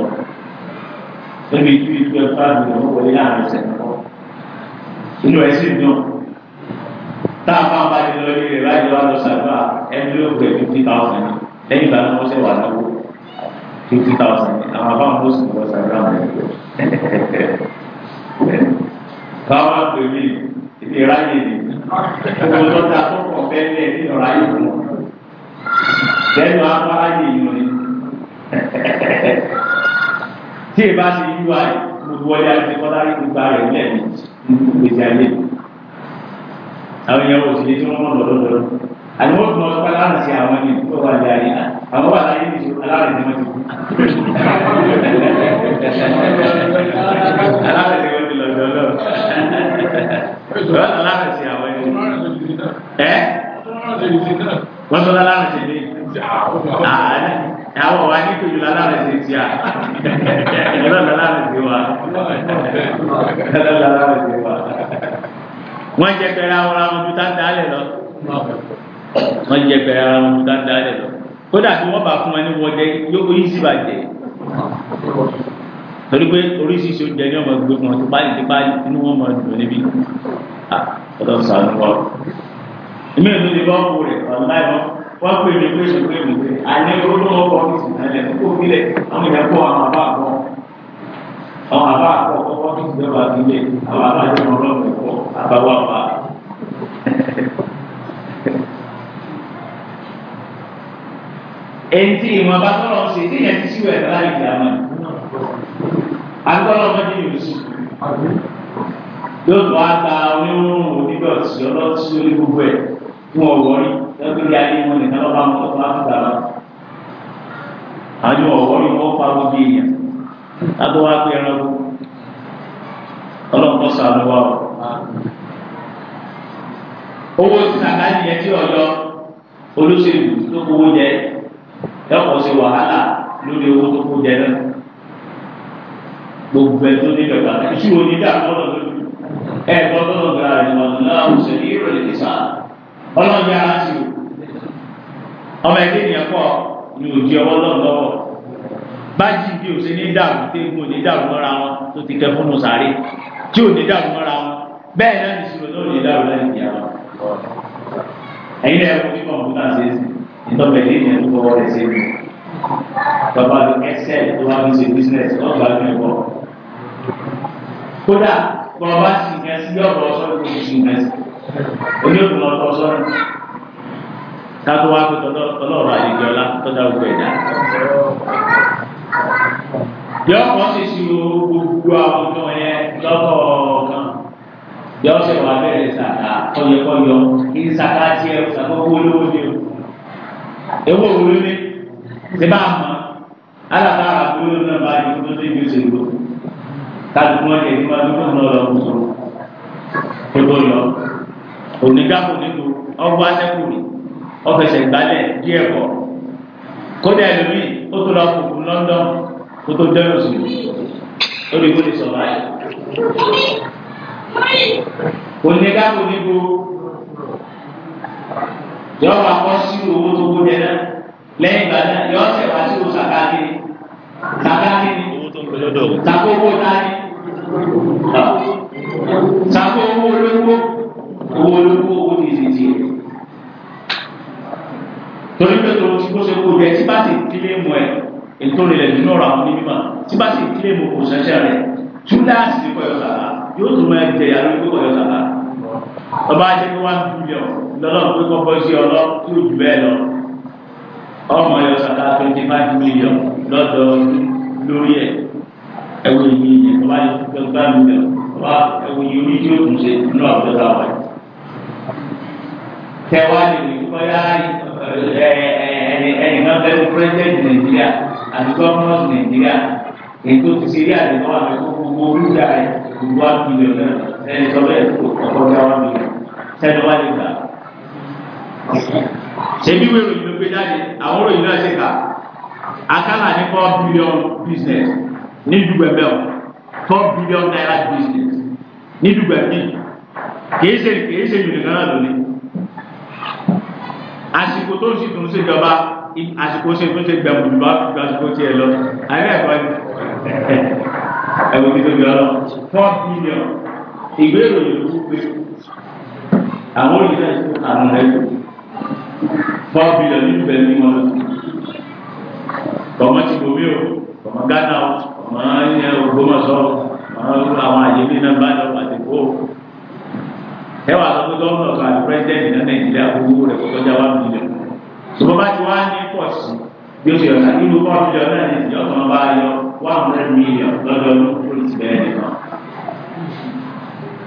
níbi tí ìlú ẹgbẹ́ bá mi lọ wọlé láàrin ọ̀sẹ̀ kọ́ inú ẹ̀ sì dùn tá a bá bá ti lọ ilé rẹ̀ láti wá lọ sàdúrà ẹni ló gbẹ fifty thousand lẹ́yìn ìgbà náà wọ́n ṣe wà lọ́wọ́ fifty thousand àwọn abáwọn ló sì lọ sàdúrà wọn káwọn pè mí ìdí ráyè ni owó tó ta tó pọ̀ bẹ́ẹ̀ bẹ́ẹ̀ ní ọ̀rá yìí fún wọn lẹ́nu abáyé yìí ni tí ì bá ṣe yíwá ẹ̀ gbogbo ọdẹ àti kọ́lá rí gbogbo ara ẹ̀ lẹ́ẹ̀mí nínú gbèsè ayé àwọn èèyàn òsì lè tí wọ́n mọ̀ lọ́dọọdọ àti wọ́n tún ọtí pátá àti àwọn ẹni tó wà ní ayé àwọn wà láyé nìṣó aláàrẹ ni wọ́n ti kú aláàrẹ ni wọ́n ti lọ́dọọdọ aláàrẹ ti àwọn ẹni ẹ wọ́n tún aláàrẹ ti ní ààrẹ àwọn wa ní tòjú lálára sí ti à ẹ̀rọ lálára sí wa ẹ̀rọ lálára sí wa. wọ́n jẹ pẹ̀lú àwọn ará ojú tá ń dálẹ̀ lọ. wọ́n jẹ pẹ̀lú àwọn ará ojú tá ń dálẹ̀ lọ. kódà tí wọ́n bá fún wa ní wọ́jẹ yóò yí sí bàjẹ́. torí pé oríṣiríṣi oúnjẹ ni wọ́n máa gbé fún wọn tó báyìí inú wọn máa dùn níbí. Ah, ọ̀dọ́ sàánú wa. ìmí ìlú ni wọ́n wọ́n pè mí pé mi pé mi pé àní olóńgbò kọ́fíìsì náà lẹ̀ kó kílẹ̀ àwọn èèyàn kó àwọn àbá àbọ̀ àwọn àbá àbọ̀ kọ́ kọ́fíìsì náà wà nílé àwọn àbá àti ọmọ ọlọ́run kọ́ àbáwọ̀ àbá. Enti ìmọ̀ bá tọ́lọ̀ ṣe tí yẹn ti ṣíwẹ̀ láì gbà mọ́. Agbọ́dọ̀ mọ́ ní ìlú sùn. Yóò tó a ta onírúurú onígbọ̀tì ọlọ́tí lórí gbogbo ẹ̀ wọn ò wọrí lọ́dún yá ní wọn nìkan lọ́ba wọn lọ́ba wọn gbà wọn. àwọn ò wọrí wọn pa wọn bí èèyàn lábọ́ wá pé ẹran kú ọlọ́pọ̀ sàlùwà ọ̀. owó ìtàkà ni ẹtí ọjọ́ olóṣèlú tó kówó jẹ ẹ̀kọ́ sí wàhálà lórí owó tó kó jẹ náà gbogbo ẹ̀ tó ní ìjọba ìṣirò onídàá lọ́dọ̀ lójú ẹ̀ gbọ́dọ̀ lọ́dọ̀ rẹ̀ wọ̀n náà ọ̀sẹ̀ ní ìrọ̀lẹ́ ìsàn ọlọ́run yára ti o ọmọ ẹgbẹ́ ènìyàn pọ̀ ní òjì ọwọ́ lọ́wọ́ lọ́wọ́ bájì bí o ṣe ní dàrú téegun ò ní dàrú mọ́ra wọn tó ti kẹ́ fún nùsàárẹ̀ tí ò ní dàrú mọ́ra wọn bẹ́ẹ̀ náà ní sùúrù lórí dàrú lẹ́yìn ìyá wọn. ẹ̀yin náà ẹ̀kọ́ bí kọ̀ǹpútà ṣe é sí ìtọ́pẹ̀ ilé ìyẹn tó fọwọ́ rẹ̀ ṣe é bàbá mi ẹsẹ̀ tó wá fi ṣe business ọgbà mi pọ̀ kódà bọ̀ bá sì ń kẹ́sí yọ̀bọ̀ sọ́dún ìṣúná ẹ̀sìn onídùúmọ̀ kọ́ sọ́run táàbù wá pé tọ́lọ́ọ̀rọ̀ àlejò ọlá tọ́jà gbogbo ẹ̀dá. yọ ọkọ sì sí gbogbo àwùjọ yẹn lọ́kọ̀ọ̀kan yọ ọsẹ wà bẹ̀rẹ̀ sàkà kọ́yọkọ́yọ kí sàkà tiẹ̀ sàkókò olówó ni o. ewu òwúrò ni ṣe bá a mọ̀ alàbà àbúrò náà bá yẹ kó tó débi òṣèlú kálukú wọn yẹ kí wọn tó tó lọ lọ kó tó lọ onígbàgbọ nínú ọwọ atẹkùnrin ọfẹsẹ gbalẹ díẹ bọ kódà ẹlòmí ó tó lọ fòfin London kó tó jẹ oṣù lórí ìwé ìsọlá yìí onígbàgbọ nínú yọọ akọ sí owó tó kó jẹ náà lẹ́yìn ìgbà náà yọọ sẹ wá sí owó sàkáàkì sàkáàkì sàkókò tani sàkókò olówó owó olóko owó ní ìsìtì torí pé tó ti kó ṣe kó jẹ tí bá sì kílé mu ẹ ètò ìrẹ̀lẹ̀ nínú ọ̀rọ̀ àwọn onímọ̀ tí bá sì kílé mu kò ṣẹṣẹ rẹ túláàsì ní kọyọ sàrà yóò tún máa jẹ ìyàwó ní kọyọ sàrà ọba ajé ní one billion lọ́lọ́run pé kọ́kọ́ sí ọlọ́ tí ó jù bẹ́ẹ̀ lọ ọmọ yọ sàrà twenty five million lọ́dọọdún lórí ẹ̀ ẹ̀wọ̀n ìyẹn ọba yọ gbẹ́gbẹ́ mi lọ ọba ẹ̀wọ̀n ìyẹn oníjì ó tún ṣe nínú àbúrò táwọn ẹ̀ tẹwa lè ní bóyá ẹnìkan bẹ́ẹ̀ ní president nàìjíríà àti governors nàìjíríà ètò ìṣeré àdìgbò àti gbogbo olùdá rẹ gbogbo àbílẹ̀ náà ẹni tó bẹ́ẹ̀ ọ̀pọ̀ dáwà mi sẹ́ni wá lè gbà. ṣèbí wo ìròyìn ló gbé jáde àwọn ìròyìn náà ṣe kà akálà ní four billion business ní dùgbẹ̀mẹ́ o four billion naira business ní dùgbẹ̀mí kìí ṣe kìí ṣe ìrìnà náà lónìí àsìkò tó ń sì tún ṣèjọba àsìkò ṣe tún ṣe gbẹmù jù bá ju àsìkò tiẹ̀ lọ àyẹ̀wò ẹ̀kọ́ ẹ̀wọ̀n mi tó gbé ọ lọ four billion ìwé ìròyìn ló pé àwọn olùdíje àrùn rẹ four billion ní ìbẹ̀rẹ̀ ní wọn kọ̀mọ́ ti bò o kọ̀mọ́ Ghana o kọ̀mọ́ Ògbómọ̀ṣọ́ àwọn àyè mi náà bá lọ ẹ wà lọ pé gọ́ọ̀nà kan àti pírẹ́sidẹ́ntì náà nàìjíríà gbogbo rẹ̀ kọ́kọ́ já wà mílíọ̀n ṣùgbọ́n bá ti wá ní pọ̀ sí bí ó ṣe yọ sàkí ló pọ̀ mílíọ̀n 100 ní ìjọ kan bá yọ one hundred million lọ́dọọdún tó ti bẹ̀rẹ̀ nìkan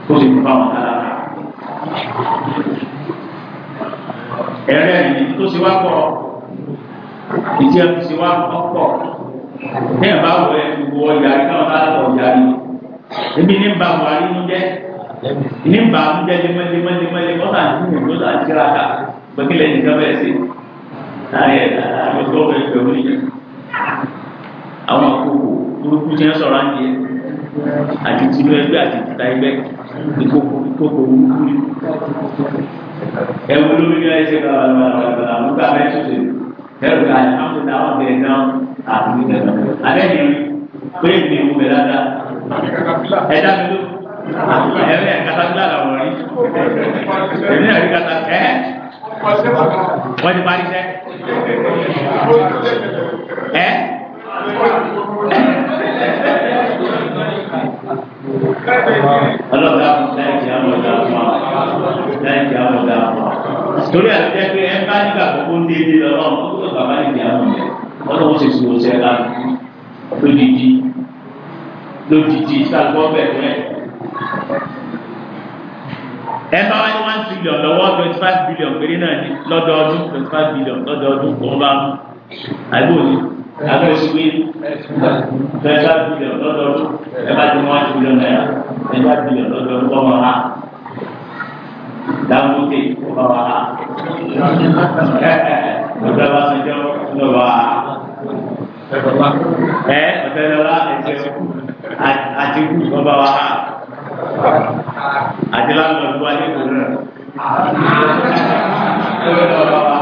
tó ti fún fáwọn tálákà. ẹ̀rẹ́ mi tó ṣe wá pọ̀ ìjẹ́ mi ṣe wá pọ̀ bẹ́ẹ̀ bá wọ ẹ gbogbo ọjà rí káwọn tálákà ọjà rí ebi ní bàbá rí mú jẹ́ ní bá a jẹ́ lemọ́lemọ́lemọ́lé kọ́tà ní ìlú náà síra ká gbẹ́kẹ̀lẹ́ nìkan bẹ́ẹ̀ sí láyé àwọn tó bẹ̀ fẹ́ wọ́n yẹ àwọn àkókò burúkú jẹ́ sọ̀rọ̀ àti yẹ àti tìlú ẹgbẹ́ àti tìta ẹgbẹ́ ìkókò ìkókò burúkú ẹ̀wù lómi ní ẹ̀ṣẹ̀ bàbàbàbà nígbà mẹ́tò ṣe ẹ̀rù ká àwọn àwọn ọ̀gẹ̀ náà àbúrò náà àbẹ́yẹn pé ìgbìmọ̀ bẹ̀ dáadáa ẹ̀dá mi ló ẹ̀rẹ́ katakila la Ini rí èmi náà rí kata ẹ́ wọ́n ti parí Eh? Hello, ọlọ́dà lẹ́yìn àwọn ọ̀dà àmọ́ lẹ́yìn àwọn ọ̀dà àmọ́ torí àtijọ́ pé ẹ bá nígbà gbogbo ń dédé lọ́wọ́ gbogbo bàbá ìdí àwọn ọ̀dà wọn lọ́wọ́ sì sùn ọ̀sẹ̀ lánàá lódìdí lódìdí Emba bá wá ní one trillion lọ́wọ́ twenty five billion péré náà ní lọ́dọọdún twenty five billion lọ́dọọdún kò ń bá mú àbí òní àbí òsì twenty five billion lọ́dọọdún ẹ bá ti mú one trillion náírà twenty five billion lọ́dọọdún kọ́ máa ha Dangote kọ́ máa ha ọ̀dọ́ bá ti jẹ́ àti láńlọ́ọ̀dù ini. yóò wúlò.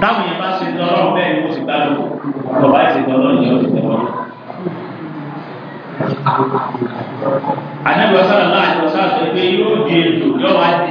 táwọn yẹn bá ṣe lọ́rọ̀ bẹ́ẹ̀ ni mo sì gbádùn bàbá ìṣèjọ́ lọ́rọ̀ yẹn ó sì tẹ̀wọ́. Ànábì sallallahu alaihi wasallam pé yóò di ètò yóò wá di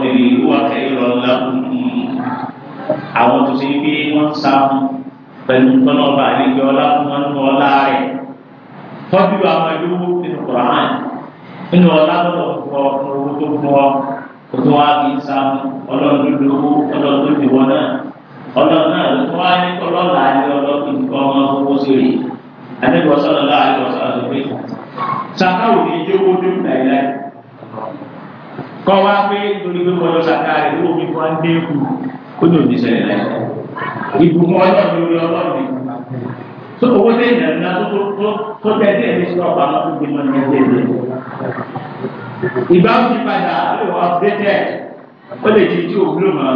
lórí ìwà kẹyìrọ ńlá àwọn tó ṣe bí wọn ń sá fún pẹ̀lú tọlọba àlejò ọlá fún wọn nínú ọlá rẹ tọ́jú àwọn ẹbí owó nínú kùrán nínú ọlá lọ́dọ̀ fún ọ fún owó tó fún ọ kò tó wá bí sá fún ọlọ́dún lówó ọlọ́dún lówó náà ọlọ́run náà ló wá ní ọlọ́la ní ọlọ́run nǹkan ọmọ owó sórí adébọ̀sọ̀rọ̀ kọ́ wá pé torí pé kọjọ́ sàkà rẹ̀ ló mi kọ́ dé kù kó ní òní sẹ́yìn rẹ̀ ìbùkún ọlọ́run lórí ọlọ́run ni tó owó tẹ̀ ìyàn ńlá tó tó tó tẹ̀ tẹ̀ ní sọ ọ̀pá lọ́kùn gbé mọ́ ní ẹgbẹ́ rẹ̀ ìgbà ó ti padà ó lè wọ́n update ó lè di tí òwúlò mọ́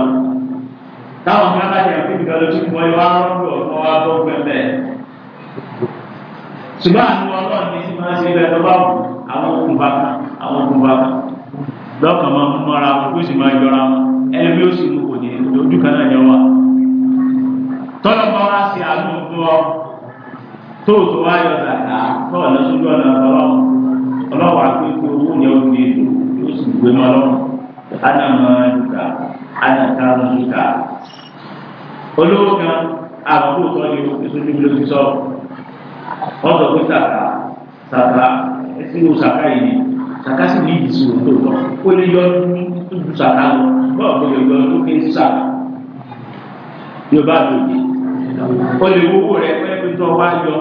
táwọn kan bá jẹ́ fún ìgbà lójú mọ́ ìwà rọ́ọ̀dù ọ̀fọ́ wa bọ́ pẹ́pẹ́ ṣùgbọ́n àwọn ọlọ́run ní ti máa ń ṣe bẹ́ẹ̀ tó bá wù àwọn òkùnfà kan àwọn òkùnfà kan gbọ́kàn máa mú mọ́ra wọn kó sì máa yọra wọn ẹlẹ́bí ó sì mú kò ní ojú kan náà yọ wa. tọ́lọ̀ bá wá sí àánú fún ọ tóòtò wá yọ dàda tọ́ọ̀ lọ sójú ọ̀nà ọlọ́run ọlọ́run àti ikú owó yẹn ó ní ètò e, yóò sì gbé e mọ́ lọ́rùn ana máa dùkà ana ká lọ dùkà. olówó kan àbúrò tó ní ìsojú ló ti sọ ọ̀dọ̀ pé sàkà sàkà ẹsìn ìwòsàkà yìí sàká sì ní ìṣòro tó tọ́ ó lè yọ ju sàká lọ bọ́ọ̀ kó lè yọ tó ké sà yorùbá lòdì ó lè o rẹ pẹ́ẹ́pẹ́ tó wá yọ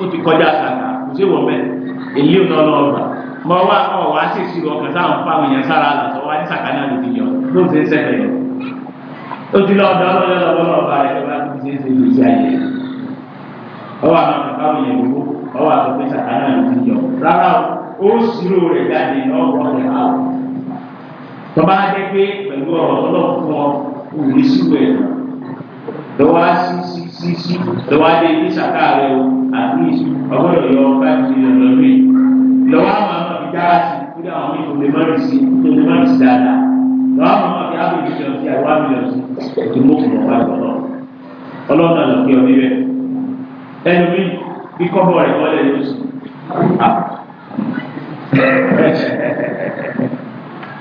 ó ti kọjá sàká kò sí wọ́n mẹ́ èyí ò náà lọ́ọ̀gbà mọ wá ọ wá sí ìṣirò ọkàn sáwọn fáwọn èèyàn sára àlàtọ̀ wá ní sàká náà lòdì yọ ló ń ṣe sẹ́fẹ̀ yọ o ti lọ ọ̀dọ̀ ọlọ́yọ̀ lọ́wọ́ ọba rẹ̀ lọ́wọ́ tó ti ṣe ìgbésí ayé ọwọ́ o àgbà fáwọn èèyàn gbogbo ọwọ́ àtọ́gbẹ́sà kan náà lòdì yọ rárá o ó sírò rẹ̀ jáde lọ́wọ́ rẹ̀ náà. tọ́ba jẹ́ pé pẹ̀lú ọ̀rọ̀ ọlọ́fún ọ òní síwẹ̀ lọ́wọ́ sí sí sí sí lọ́wọ́ adé ní sàkà rẹ̀ o àti ọgbọ́dọ̀ yọ ọba ti rẹ̀ lọ́wọ́ lọ́wọ́ àwọn ọmọ ìjà sí kúrẹ́ àwọn ìfòmè mọ́rin sí ìfòmè mọ́rin sí dáadáa lọ́wọ́ àwọn ọmọ ìjà bí mílíọ̀nù sí àìwá mílíọ̀nù sí ètò mọ́kùnrin ọ̀gá ìgbọ̀nà ọlọ́run àlọ́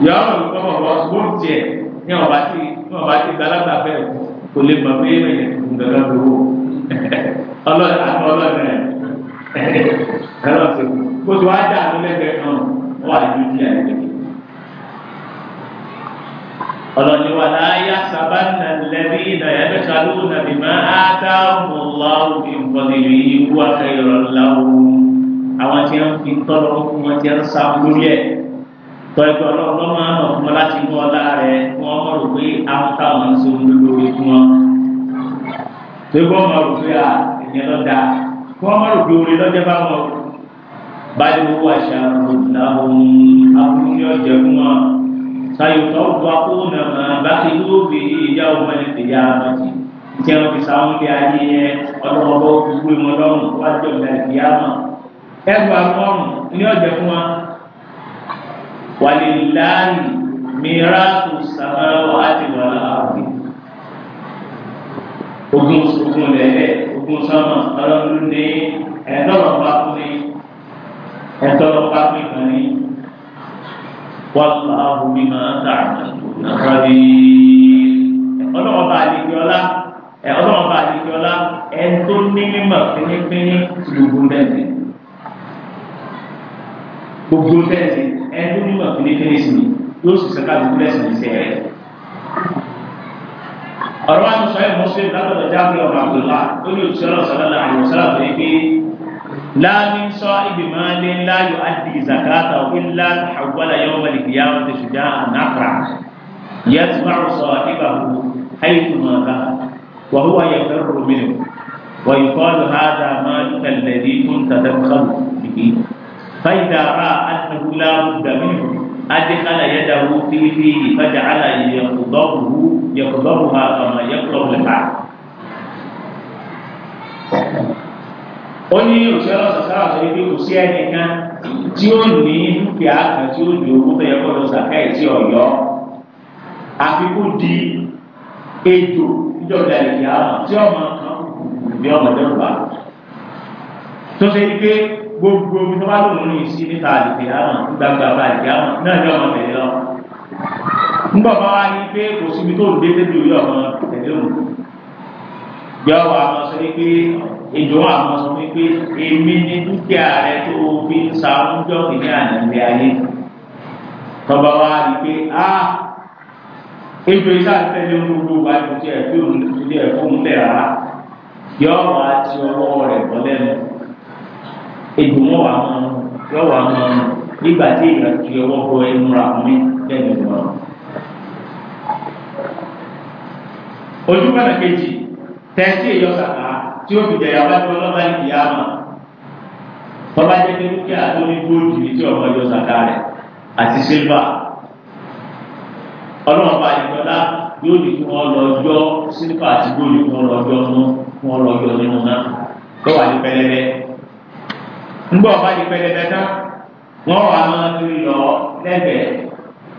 yọ ọmọ ọmọ ọsùn tiẹ ní ọba tí ní ọba tí gbalaga fẹ kò lè mọ pé ẹyẹ ńgbàgbà lówó ọlọ́dẹ àti ọlọ́dẹ ẹlọ́sẹ̀ kó tó wá dà ló lẹ́gbẹ̀ẹ́ kan wà ní ibi àìlèkè. ọlọ́dẹ wà láyà sábà nà lẹ́bí nà yàtọ̀ kálú nà bìmọ̀ áká ọmọ ọlọ́wọ́ ìfọ̀nìyí wà àwọn tí wọ́n fi tọ́lọ́ fún wọn tí wọ́n sá lórí ẹ̀ tọ́jú ọlọ́run máa ń ọ̀fun láti mú ọlá rẹ̀ wọ́n mọ̀ rò pé àwọn táwọn ń so lórí fún wọn. tó gbọ́ mọ̀ rò pé à ìyẹn lọ dáa kí wọ́n mọ̀ rò pé orin lọ́jọ́ bá wọn. báyìí owó àṣà làwọn abúlé ọ̀jẹ̀ fún wọn. sayọ̀tọ̀ ọ̀gbọ́n akóhùnà máa bá ti dúró bí ìyá ọmọ ẹ̀ ti ọmọ jì. ìjẹun fi sáwọn bí ayé ọlọ́wọ́ gbogbo ìmọ̀ lọ́rùn wájú ọ̀gá ìyá náà ẹgbà mọ́rùn ní ọ̀jẹ̀ fún wa wàlíláàrí mìíràtù sàmáwá àti wàlá àbí ogun ogun lẹ́lẹ́ ogun sọ́mọ̀ ọlọ́run ní ẹ̀dọ́rọ̀ pápú ní ẹ̀dọ́rọ̀ pápú ìkan ní wàlá àbúmí máa ń dà nàkàbí ọlọ́run bá àlejò ọlá ọlọ́run bá àlejò ọlá ẹ̀ tó ní mímọ̀ pínípíní lùgùn bẹ́ẹ̀ gbogbo tẹ́lẹ̀ sí ẹni onímọ̀ fínífíní sí ni yóò sì sẹ́ka gbogbo ẹ̀sìn ní sẹ́yẹ. ọ̀rọ̀ wa ti sọ ẹ̀ mọ́sílẹ̀ látọ̀dọ̀ jáde ọ̀rọ̀ àbdùlá ó ní òṣìṣẹ́ ọ̀rọ̀ sọ́dọ̀lá àyọ̀ sọ́dọ̀ tó yẹ pé láàmì sọ ibi máa lé láyò àti ìzàkátà ìlà àgbàlá yọ wọlé kìyà wọn ti ṣùjá ànáfra yẹ ti máa sọ ìgbà wo àyíkú máa bá wà wúwa yẹ fẹ́ rọ̀ mí wà yìí kọ́ ló há dà máa ń tẹ̀lé ní kúńtà dẹ́kọ̀ọ́ فإذا رأى أنه لا بد منه أدخل يده في فيه فجعل يقضبه يقضبها كما يقضب الحال ó ní òṣèré ọ̀sán àti ibi kò sí ẹnìkan tí ó ní dúkìá kan tí ó di owó tó yẹ kó lọ sàkáì tí ọ̀yọ́ àfikún di ejò níjọba ìyá ọ̀nà tí ọmọ kan kù ní ọmọdé wà tó ṣe pé gbogbo omi tó bá lò lórí ìsí níta àlèkè àwọn gbàgbà àlèkè àwọn náà ní ọmọ tẹ̀lé lọ. ńgbọ̀ bá wá ní pé kò síbi tó ń dé débi orí ọmọ tẹ̀lé òun. gbẹ́ ọ̀wọ́ àwọn sọ pé ìjọ àwọn sọ pé èmi ni dúkìá rẹ tó fi ń sa oúnjẹ òkèlè àyànfẹ́ ayé. tọ́ba wá ní pé a ìjọ iṣẹ́ àtẹ̀lé gbogbo wa ìjọ tí ẹ̀ fi òun lè fún un bẹ̀ rárá. yọ ìdùnnú wà mọ yọ wà mọ nígbà tí ìgbà tí ọwọ́ bọ ẹnu ra mi lẹ́nu mọ́. ojú kan kejì tẹ̀sí èyọ sàkà tí ó fi jẹyà wájú ọlọ́ba ìyá mọ̀ tọ́ba jẹ́ pé dúkìá tó ní góòlù ní tí ọmọ yọ sàkà rẹ̀ àti sílvà ọlọ́run bá yẹ kọ́lá yóò ní kí wọ́n lọ yọ sílvà àti góòlù kí wọ́n lọ yọ nínú kí nínú náà lọ́wọ́ àti pẹlẹbẹ ńgbọ́ ọba di pẹlẹbẹ tán wọ́n wà máa fi lọ lẹ́gbẹ̀ẹ́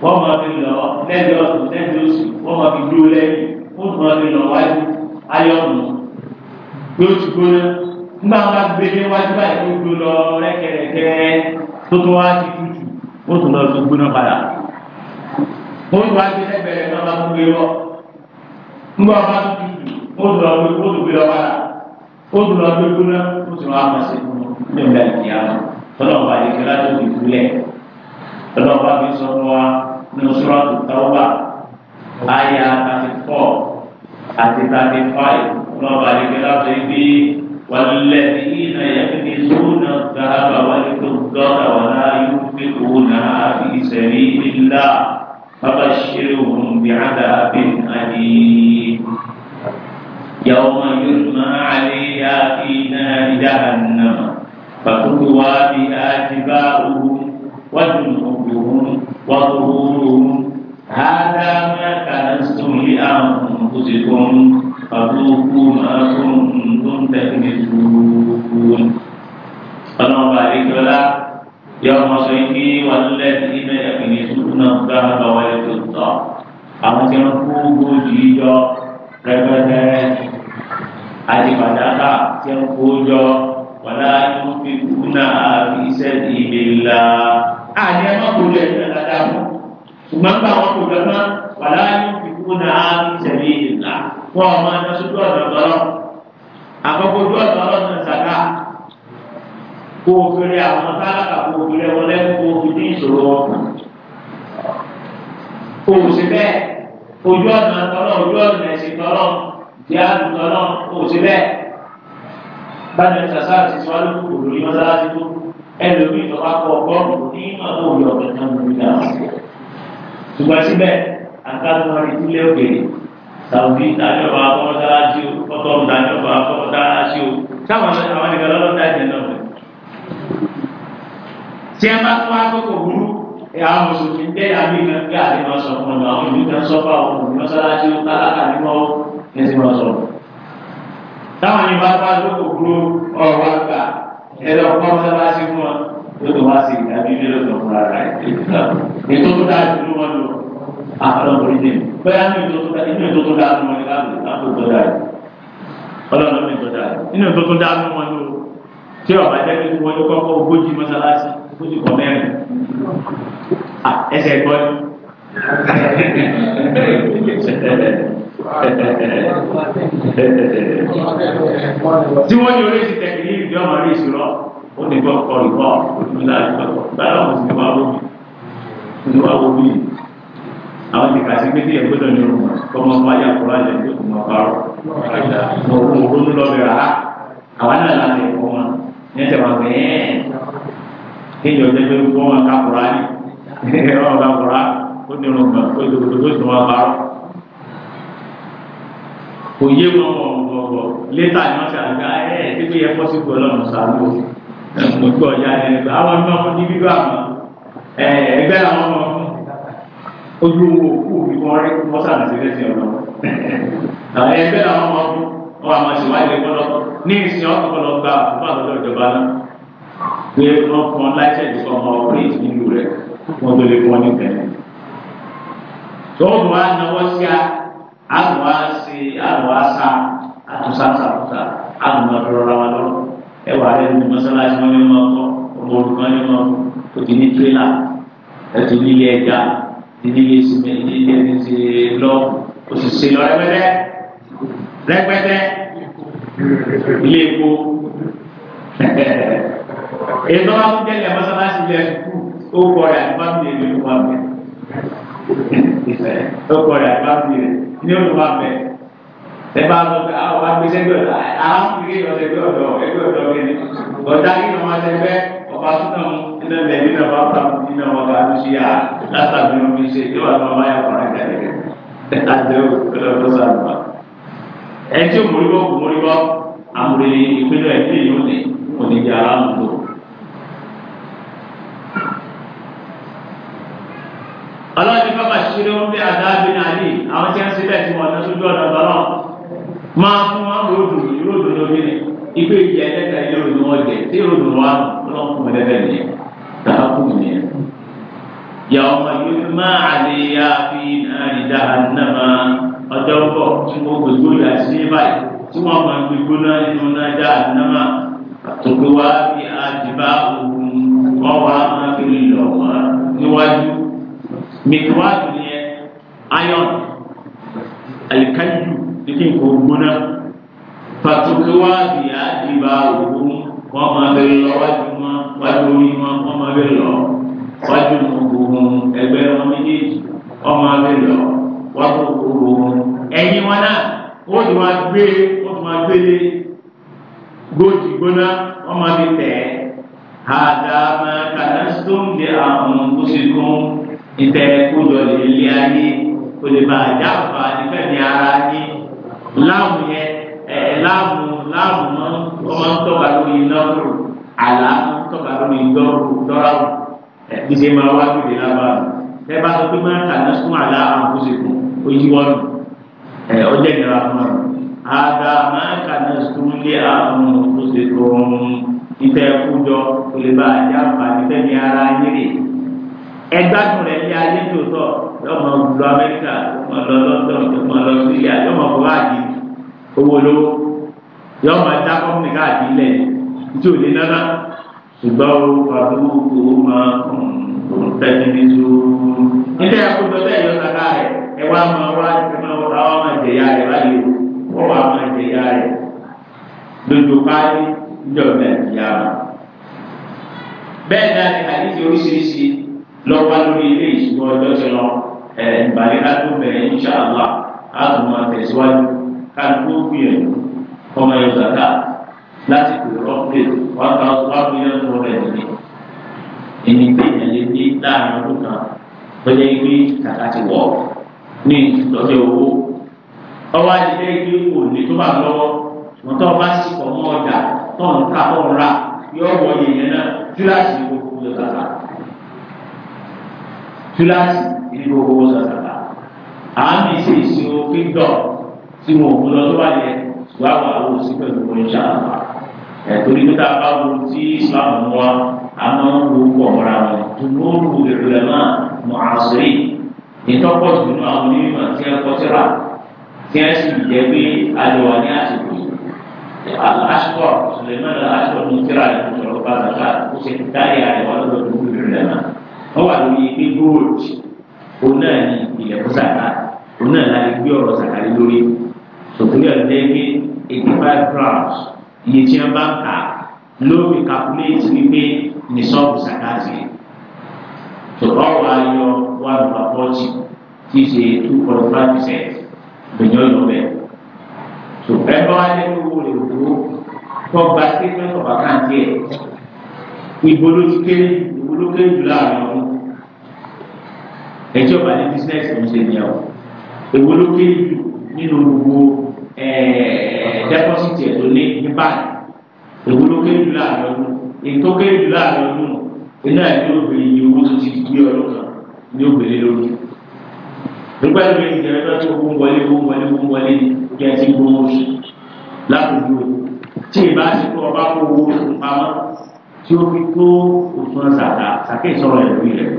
wọ́n máa fi lọ lẹ́gbẹ̀ẹ́ ọ̀tún lẹ́gbẹ̀ẹ́ oṣù wọ́n máa fi dúró lẹ́yìn wọ́n máa fi lọ wájú ayọ̀nù yóò ti gbóná ńgbà wọn bá gbé dé wájú báyìí tó gbó lọ rẹ́kẹ̀rẹ́kẹ́ tó tó wá ti tutù wọ́n tún lọ tó gbóná padà wọ́n tún wá ti lẹ́gbẹ̀ẹ́ lọ́ba tó gbé lọ ńgbà nígbà tí a tọ́lọ̀ bá yẹ kí láti fi kúlẹ̀ tọ́lọ̀ bá fi sọ fún wa nínú sọ́ràtù táwọ́bà àyà thirty four àti thirty five tọ́lọ̀ bá yẹ kí láti fi wàlúlẹ̀ ìyìnà yẹn fi sóònà dáhàbà wálé tó gbọ́dọ̀ wà láàyè wípé òun náà fi ìsẹ̀rí nílá bàbá ṣeré òun bí àdàbẹ̀ àdìyí. يوم يجمع عليها في نار جهنم فتكوى بآجباؤهم وجنوبهم وظهورهم هذا ما كنزتم لأنفسكم فذوقوا ما كنتم تكنزون فلما بارك لك يوم صيدي والذين يكنزون الذهب والفضة àwọn tí wọn kó gbòòjì jọ rẹpẹtẹ àti pàtàkà tí wọn kó jọ wàlá ìmọ̀fi kúnà iṣẹ́ ìdè ńlá. àní ẹ má kojú ẹ̀jẹ̀ dáadáa fún ṣùgbọ́n nígbà wọn kò jọ tán wàlá ìmọ̀fi kúnà iṣẹ́ ìdè ńlá. wọn ò máa dọ́sọ́jú ọ̀dọ̀ tọ́lọ́ àkọ́kọ́ ojú ọ̀dọ̀ ọlọ́run ṣàkà kó o fèrè àwọn tálákà kó o fèrè wọn lẹ́nu kó o fi dín ìṣòro wọn kó o sì bẹ́ẹ̀ ojú ọ̀nà tọ́lọ́ ojú ọ̀nà ẹ̀sìn tọ́lọ́ báyìí ẹni sàṣà àti sọ́ọ́lù òdò yìí mọ́sálásí tó ẹlòmíì tó bá kọ ọgọ́rùn-ún ní ìmọ̀tò òyìn ọ̀gbẹ̀ kan lórí náà. ṣùgbọ́n síbẹ̀ àkàtúwárí ìdílé òkèèrè tàbí ìdájọba akọ́mọdárásí o kọ́tọ́ ìdájọba akọ́mọdárásí o sáwọn àwọn ìgbà lọ́dọ̀ dájẹ́ náà rẹ̀. tí ẹ bá tó wá kókò burú àwọn mùsùlùmí jẹ́ àbí ìgbà àti ìmọ̀sọ̀kan àwọn ìlú kan sọ́fà òkùnrin mọ́sálásí ó tálákà nímọ̀ ẹ̀sìn mọ̀sọ̀kan táwọn yìí bá bá lóko dúró ọ̀rọ̀ wa gbà ẹ lọ kọ́ mọ́sálásí fún wọn ó tó wá sí ìdájú ilé lọ́sọ̀ fúnra rẹ̀ ètò tó dáa jù wọn lọ àwọn ọmọdé dé bóyá inú ètò tó dáa fún wọn ní káàbọ̀ káàbọ̀ tó dáa ọlọ́run ní ètò dáa inú ètò tó dáa fún wọn lọ tí ọba jẹ́ kí wọ́n kọ́kọ́ ogójì mọ́sálásí ogójì kọ́ mẹ́rin ẹsẹ̀ gbọ́ ni tí wọ́n ní oríṣi tẹ̀kìlì ìdí ọmọ rí ìṣúná ó ní gbọ́ kọ́ ìkọ́ òtúnlá ìgbàgbọ́ báyọ̀ mo sì wá wóbi mo sì wá wóbi àwọn ti kàṣí pé kí ẹ gbọ́dọ̀ ní òun kọ́mọ bá yà kúrò àjẹ tó kùn mọ́ parọ́ mo kún un ronú lọ́bẹ̀ rà á àwọn náà láti ẹ̀kọ́ wọn ní ẹsẹ̀ wọn fẹ́ ẹ́ kéèyàn ọjọ́ pé wọ́n máa ká kúrò àjẹ ẹ̀rọ ọ̀gá kúrò ó ní kò yé wọn ọ̀gbọ̀gbọ̀ létà ni wọ́n ṣe àgbà ẹ̀ ẹ̀ tí yẹ pọ́sibú ọlọ́run sàánú mo gbọ́ ọ̀yà ẹ̀ gbà àwọn ọmọ ọmọ ní bíbá àwọn ẹ̀ ẹgbẹ́ àwọn ọmọ ojú owó kú mi wọ́n rí wọ́n sàn sí lẹ́sìn ọ̀nà àwọn ẹgbẹ́ àwọn ọmọ wọn àmọ́ ṣèwádìí kọ́lọ́ ní ìsìn ọ̀pọ̀lọ́ gba àkókò àlọ́ ìjọba náà pé wọ́n fún ọ láìsẹ̀ ìdíkọ̀ ọmọ ọkùnrin ìsìn ìlú rẹ̀ wọ́n tó lè fún ọ ní tẹ̀lé. tó o bá náwó sí a àwọn ase àwọn asa àtúnṣàṣà kúta àwọn ọ̀dọ́rọ̀ làwọn lọ́rọ̀ ẹ wà lẹ́nu ní mọ́sálásí wọn ní wọn kọ́ ọmọ olùkọ́ ní wọn kò ti ní tírélà ẹ ti ní ilé ẹja ti ní ilé sinmi ní ilé ẹni ti lọ òṣìṣẹ́ lọ rẹpẹtẹ rẹpẹtẹ ilé epo ètò àwọn akúndẹ̀lẹ̀ mọ́sálásí ilé ẹ̀kú ó kọ̀ ọ̀rẹ́ àti fámìlì ìlú ìlú wa bẹ̀rẹ̀ ọkọ rẹ̀ bá fi rẹ̀ ní o tó bá bẹ̀ ẹ bá lọ bẹ àwọn bá gbé sẹ́gbẹ̀ ọ̀dọ̀ arákùnrin yìí ọ̀sẹ̀gbẹ̀ ọ̀dọ̀ ẹgbẹ̀ ọ̀dọ̀ kẹ́ni ọ̀dà kí ni wọ́n ṣẹgbẹ́ ọba súnà mu iná lẹ̀ nínú ọba ta mu nínú ọba ká ló ṣe yá látàbí wọn fi ṣe yóò wá lọ máa yà kọ́ra kẹ́lẹ́ kẹ́lẹ́ àdéhùn ọlọ́dún sàlùmá ẹ tí òmùrìbọ̀ òmùrìbọ̀ àmùrè ìpínlẹ̀ ìpínlẹ̀ yóò ní òní di aráàlú tó. ọlọ́run ní bábà àṣírí wọn bí àdáàbí náà ní àwọn tí wọn ti bẹ́ẹ̀ tí wọn lọ sójú ọ̀nà ọ̀dọ́rọ̀ máa fún wọn ròdù ròdù lórí ni ikú ìjẹ ẹlẹ́ta ilé ròdù wọn jẹ tí ròdù wọn lọ fún wọn lẹ́bẹ̀ẹ́ nìyẹn tàbá kù nìyẹn. yàwó ma yóò máa àlè ya fi àrì jahannama ọjọ́ bọ̀ tí wọ́n gbogbo yà sí báyìí tí wọ́n máa gbogbo náà nínú náà jahannama tó gbé wá bí àdìbá òun wọ́n iron alikaju kíkí nǹkan gbóná pàtùkì wá ìyá ìbá òkú wọn máa bẹ̀rẹ̀ lọ wájú wọn wájú orí wọn wọn máa bẹ̀rẹ̀ lọ wájú gbogbo ẹgbẹ́ wọn méjèèjì wọn máa bẹ̀rẹ̀ lọ wájú gbogbo ẹ̀yìn wọn náà wọ́n ti máa gbé wọ́n ti máa gbélé gbòòtì gbóná wọ́n máa fi tẹ̀ ẹ́ àdàmà kàdásítọ́ǹdì àwọn òṣèkùn ìtẹ̀kùjọ lè lé kò lè bá àjà àǹfà nígbà ní ara ní láàmù yẹn ẹ láàmù láàmù náà ọmọ ń tọ́ka lórí lọ́rù àlá ń tọ́ka lórí lọ́rù lọ́rù ẹ kí ṣe máa wá gbèdé lábàá ẹ bá sọ pé máa ń kà ní sún àlá àǹfọ̀ṣẹ̀kùn ó yí wọ́n nù ẹ ọjọ́ ìnira fún ọ. àdá máa ń kà ní sún lé àǹfọ̀ṣẹ̀kùn ìtẹ̀kùjọ kò lè bá àjà àǹfà nígbà ara yẹn ẹgbàdùn rẹ̀ lé ayé tó tọ̀ yọmọ lọ Amẹ́ríkà yọmọ lọ London yọmọ lọ Syria yọmọ kọ́ wáàdì owó lówó yọmọ ẹja kọ́mùnì káàdì ilẹ̀ tí ò lè nánà ṣùgbọ́n orúkọ àbúrò owó máa ń tẹ́lẹ̀ ní zu. nígbà yẹn kó dọ́tà ẹ̀yọ́ kàkà rẹ̀ ẹ wá máa wá ẹ máa wá wá máa jẹ̀yà rẹ̀ báyìí o wọ́n wá máa jẹ̀yà rẹ̀ lójú pálí níjọba ìyá bẹ́ẹ̀ náà ni àdéhùn oríṣiríṣi lọ́wọ́ lórí ilé ìṣúná ọjọ́ ti lọ ìbàlẹ̀ látó bẹ̀rẹ̀ insha Allah àtùmọ̀ tẹ̀síwájú káàdùkú gbìyànjú ọmọ yóò zàkà láti pè rọ́pè one thousand one million two hundred ní ẹni pé ìyàlẹ́ ní láàrin ọdún kan lọ́jọ́ ìgbé kàkà ti wọ̀ ní ìtọ́jú owó ọwọ́ àdìgbẹ́ ìgbé kò ní tó bá lọ́wọ́ ṣùgbọ́n tó bá sì pọ̀ mọ́ ọjà tó ń ta tó ń wọ ìyẹn náà kíláàsì gbogbo zàkà kíláàsì ní gbogbo sàtàlà àmì ṣe ìṣirò kíndọ̀ tí mo mú lọ tó wà yẹ ṣùgbọ́n àwọn àwọn òsì pẹ̀lú wọn ṣá ẹ̀tọ́rí tó dáa bá wo tí Islam mú wa a máa ń wo pọ̀ mọ́ra wọn tó ní ó lu ìrìlẹ̀ náà mọ́ àṣírí ìtọ́pọ̀ jù nínú àwọn onímọ̀ tí ẹ kọ́ síra tí ẹ sì jẹ́ pé àjọwà ní àsìkò aṣọ Suleiman aṣọ ní tíra rẹ̀ kó sọ̀rọ̀ bá zaka kó ṣe dáyà rẹ̀ wọ́n ìrìlẹ̀ náà wọ́n wà lórí pé gold òun náà ni ìpìlẹ̀ fún sàkà òun náà la lè gbé ọ̀rọ̀ sàkà lé lórí òkúlẹ̀ ọ̀dẹ́ pé eighty five grams iye tí wọ́n bá ń kà ló fi calculate wípé ní sọ́ọ̀bù sàkà sí i tó ọ̀rọ̀ ayọ̀ wà lọ́wọ́ forty tí ṣe two point five percent gbẹ̀yìn ọ̀yọ́ bẹ́ẹ̀ tó ẹ bá wá lẹ́nu owó rẹ̀ òkú tó gba statement of account yẹ ìbò ló ti kéré ìbò ló kéré jù láàrin ọdún ẹjọ́ bá ní bísíǹnẹ́sì ló ń ṣe nìyàwó ìbò ló kéré jù nínú gbogbo dẹ́pọ́sìtì ẹ̀ tó ní ní báyìí ìbò ló kéré jù láàrin ọdún ètò kéré jù láàrin ọdún iná ẹ̀ ló bèrè iye owó tó ti gbé ọdún kan ní òbèrè lórí nígbà tó bẹ ìjẹrẹ náà tó kún wọlé kún wọlé kún wọlé kí ẹ ti gbowó lápò dúró tí ì ti kú ọba kó owó fún pamọ́ tí ó fi tó òtún àzàkà sàkè sọ̀rọ̀ ẹ̀ lórí rẹ̀.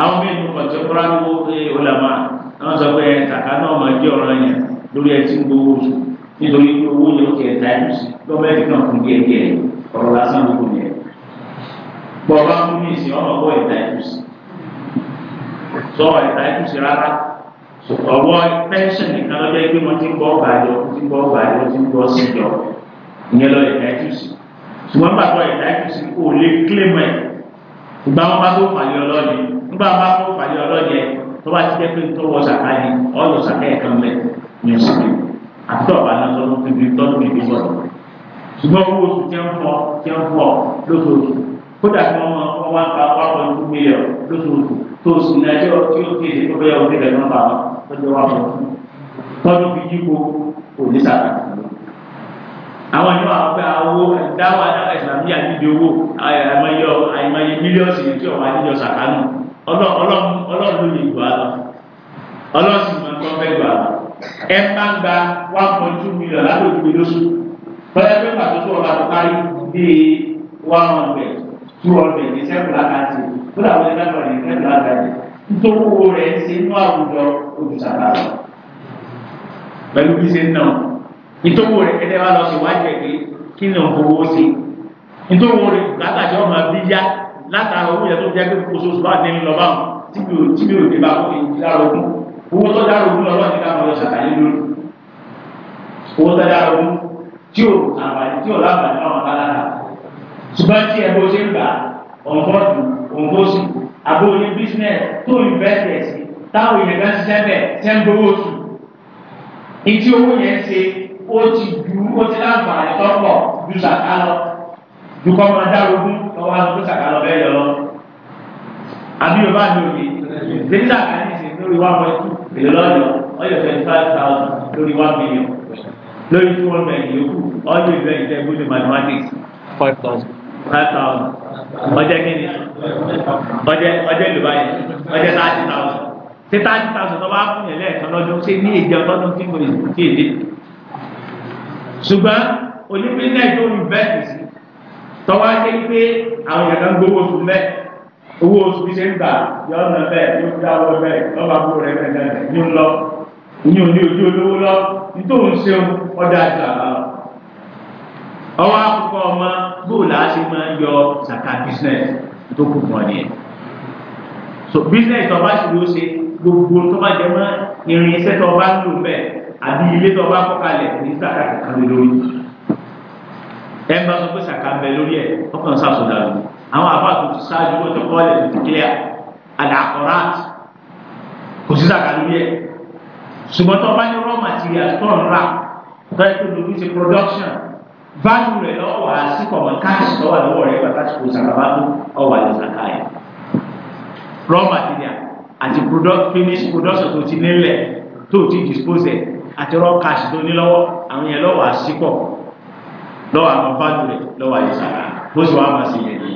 àwọn míì nínú ọ̀jọ̀ kọ́ra ló ṣe ọ̀làmà àwọn sọ pé sàkà náà máa jẹ́ ọ̀ràn yẹn lórí ẹ ti ń gbowó oṣù nítorí pé owó yẹn ó ti ẹ̀ta ẹ̀ lùsí lọ́mọdé kan fún díẹ̀ díẹ̀ ọ̀rọ̀ lásán ló kò yẹ. bọ̀ọ̀bá fún mi sí ọ̀rọ̀ ọ̀bọ̀ ẹ̀ta ẹ̀ lùsí sọ̀rọ̀ ẹ̀ta ẹ̀ lùsí rárá ọ̀wọ́ pẹ́ńsìn nìkan lọ́jọ́ pé wọ́n ti ń bọ́ ọ̀gbà yọ ti ń bọ́ ọ̀gbà yọ ti ń bọ́ sí yọ ìyẹn lọ́ọ̀ ẹ̀ta ẹ̀ lùsí ṣùgbọ́n gbàgbọ́ ẹ̀dá ìkùsí kò lè kílè mọ́ ẹ̀ ìgbà wọn bá tó pàlẹ́ ọlọ́ọ̀ni nígbà wọn bá tó pàlẹ́ ọlọ́ọ̀ni ẹ̀ tó bá ti jẹ́ pé tó wọ sàkáyé ọ̀yọ̀ sàkáyé kan lẹ̀ ní ìsìnkú àtúntò ọ̀bà náà tọ́nu bíbí tọ́nu bíbí sọ̀rọ̀ ṣùgbọ́n owó oṣù tí ń fọ tí ń fọ lóṣooṣù kódà kí wọ́n máa wá gba wá pọ̀ ikú mílíọ̀ lóṣooṣù tó o sì náà tí ó kéde tó àwọn ìjọba àwọn pé awo dáwà ìsàmì àdídì owó àìmọye àìmọye mílíọ̀nù sì tí ọ̀wọ́ àdídì ọ̀sàkánù ọlọ́run ló lè gbà lọ ọlọ́run sì máa tọ́ fẹ́ gbà lọ ẹ máa ń gba one point two million lábẹ́òkúwe lóṣù bọ́lá pé pàtó tó ọba tó parí bíi one hundred two hundred ní sẹ́kù lákàtì fúlà wọlé lágbàdo ní sẹ́kù lákàtì nítorí owó rẹ̀ ń ṣe inú àwùjọ olùsàkà lọ pẹ̀lú bí ṣe ń náà ìtòwò rẹ̀ ẹ̀dẹ́ wa lọ sí wájú ẹ̀ pé kí ni òǹkòwò sí ìtòwò rẹ̀ látàjọ́ ọmọ bí yá látara owó yẹn tó jẹ́ pé oṣooṣù bá ní lọ bá wọn tí mi ò tí mi ò dé bá wọn èyí dára ogún owó tó dára ogún lọ́wọ́ ní káwọn ọ̀yọ́ ṣàlàyé lórí owó tó dára ogún tí ò àǹfààní tí ò láǹfààní náà wọn bá lára ṣùgbọ́n tí ẹ bó ṣe ń gbà ọ̀nbọ́ọ̀dù ọ̀nbọ́ọ̀sì àbóyé bísínẹ́sì tó ìnvẹ́tẹ̀sì táwọn èèyàn bá ṣiṣẹ́ bẹ̀ ṣẹ́ ń gbowó oṣù ìtí owó yẹn ṣe ó ti du ó ti láǹfààní tọ́pọ̀ ju sàkà lọ ju kọ́ máa dárogún lọ́wọ́ àwọn tó sàkà lọ bẹ́ẹ̀ yọ lọ. àbí yorùbá mi ò yé lórí sàkà ní ìsìn lórí one point two èlò lọ́yọ̀ ọyọ̀ twenty five thousand lórí one million lórí two hundred yòókù ọyọ̀ ìlú ẹ̀jẹ̀ gbọ́dọ̀ mathematics five thousand five thousand ọjọ́ kìíní ọjọ́ ọjọ́ ìlú báyìí ọjọ́ thirty thousand ṣé thirty thousand tó bá kún yẹn lẹ́ẹ̀kan lọ́dún ṣé ní ìjọ tọ́dún tí mo lè ṣe é ṣùgbọ́n onípínlẹ̀ tó ń bẹ́ sí tọ́wọ́ á dé pé àwọn èèyàn kan gbowó oṣù mẹ́ owó oṣù bí ṣe ń gbà yọ ọ́nà bẹ́ẹ̀ yóò fi dáwọ́ bẹ́ẹ̀ lọ́ba kúrò rẹ̀ bẹ́ẹ̀ náà ní ń lọ ní òní ojú olówó lọ nítorí ń ṣeun ọjà àjà ọwọ́ akókò ọmọ bóòlù á ṣe máa yọ ṣàkà business tó kù fún ọ nìyẹn so business tó bá ṣe ló ṣe gbogbo tó bá jẹ mọ́ irin iṣẹ́ tó bá ń lò bẹ́ẹ̀ àbí ilé tó bá kọ́ kalẹ̀ ní sàkà kan lórí ẹ bá sọ pé sàkà ń bẹ lórí ẹ ọkàn sàṣọdà lọ àwọn àbáàtò ti ṣáájú wọn ti kọ́ ẹ̀ ti kílíà àdàkọ́rá kò sí sàkà lórí ẹ ṣùgbọ́n tó bá ní raw material tó ń rà tó yẹ kó lórí ti production value rẹ̀ lọ́wọ́ wá sí kọ̀mọ̀ káàsì lọ́wọ́ lọ́wọ́ rẹ̀ bàtà kò sàkà bá tó ọwọ́ àlè sàkà yẹn raw material àti finished production tó ti nílẹ̀ tó ti dispose ẹ̀ àti rọ́kàṣì tó ní lọ́wọ́ àwọn yẹn lọ́wọ́ àṣìpọ̀ lọ́wọ́ àwọn bájú rẹ̀ lọ́wọ́ àyíṣà bó sì wá máa ṣe yẹn ní.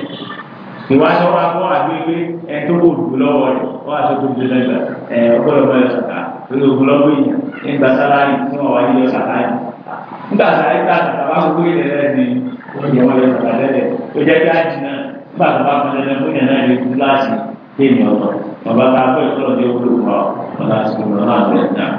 ìwà sọ wá kó àgbégbé ẹ tó kò dùn lọ́wọ́ rẹ̀ wọ́n àṣọ tó dùn lẹ́gbà ẹ ọgọ́dọ̀gbọ́ ẹ sọ̀tà lórí ogun lọ́wọ́ èèyàn nígbà sálárì tí wọ́n wá nílẹ̀ sàlárì. nígbà sálárì tá àtàtà bá gbogbo ilẹ̀ rẹ̀ ni oúnjẹ wọn lè sàtà lẹ́lẹ̀ tó jẹ́ kí á jìnnà nígbà tó bá kọ́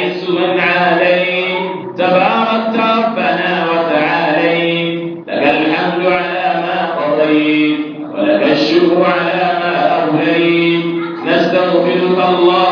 الله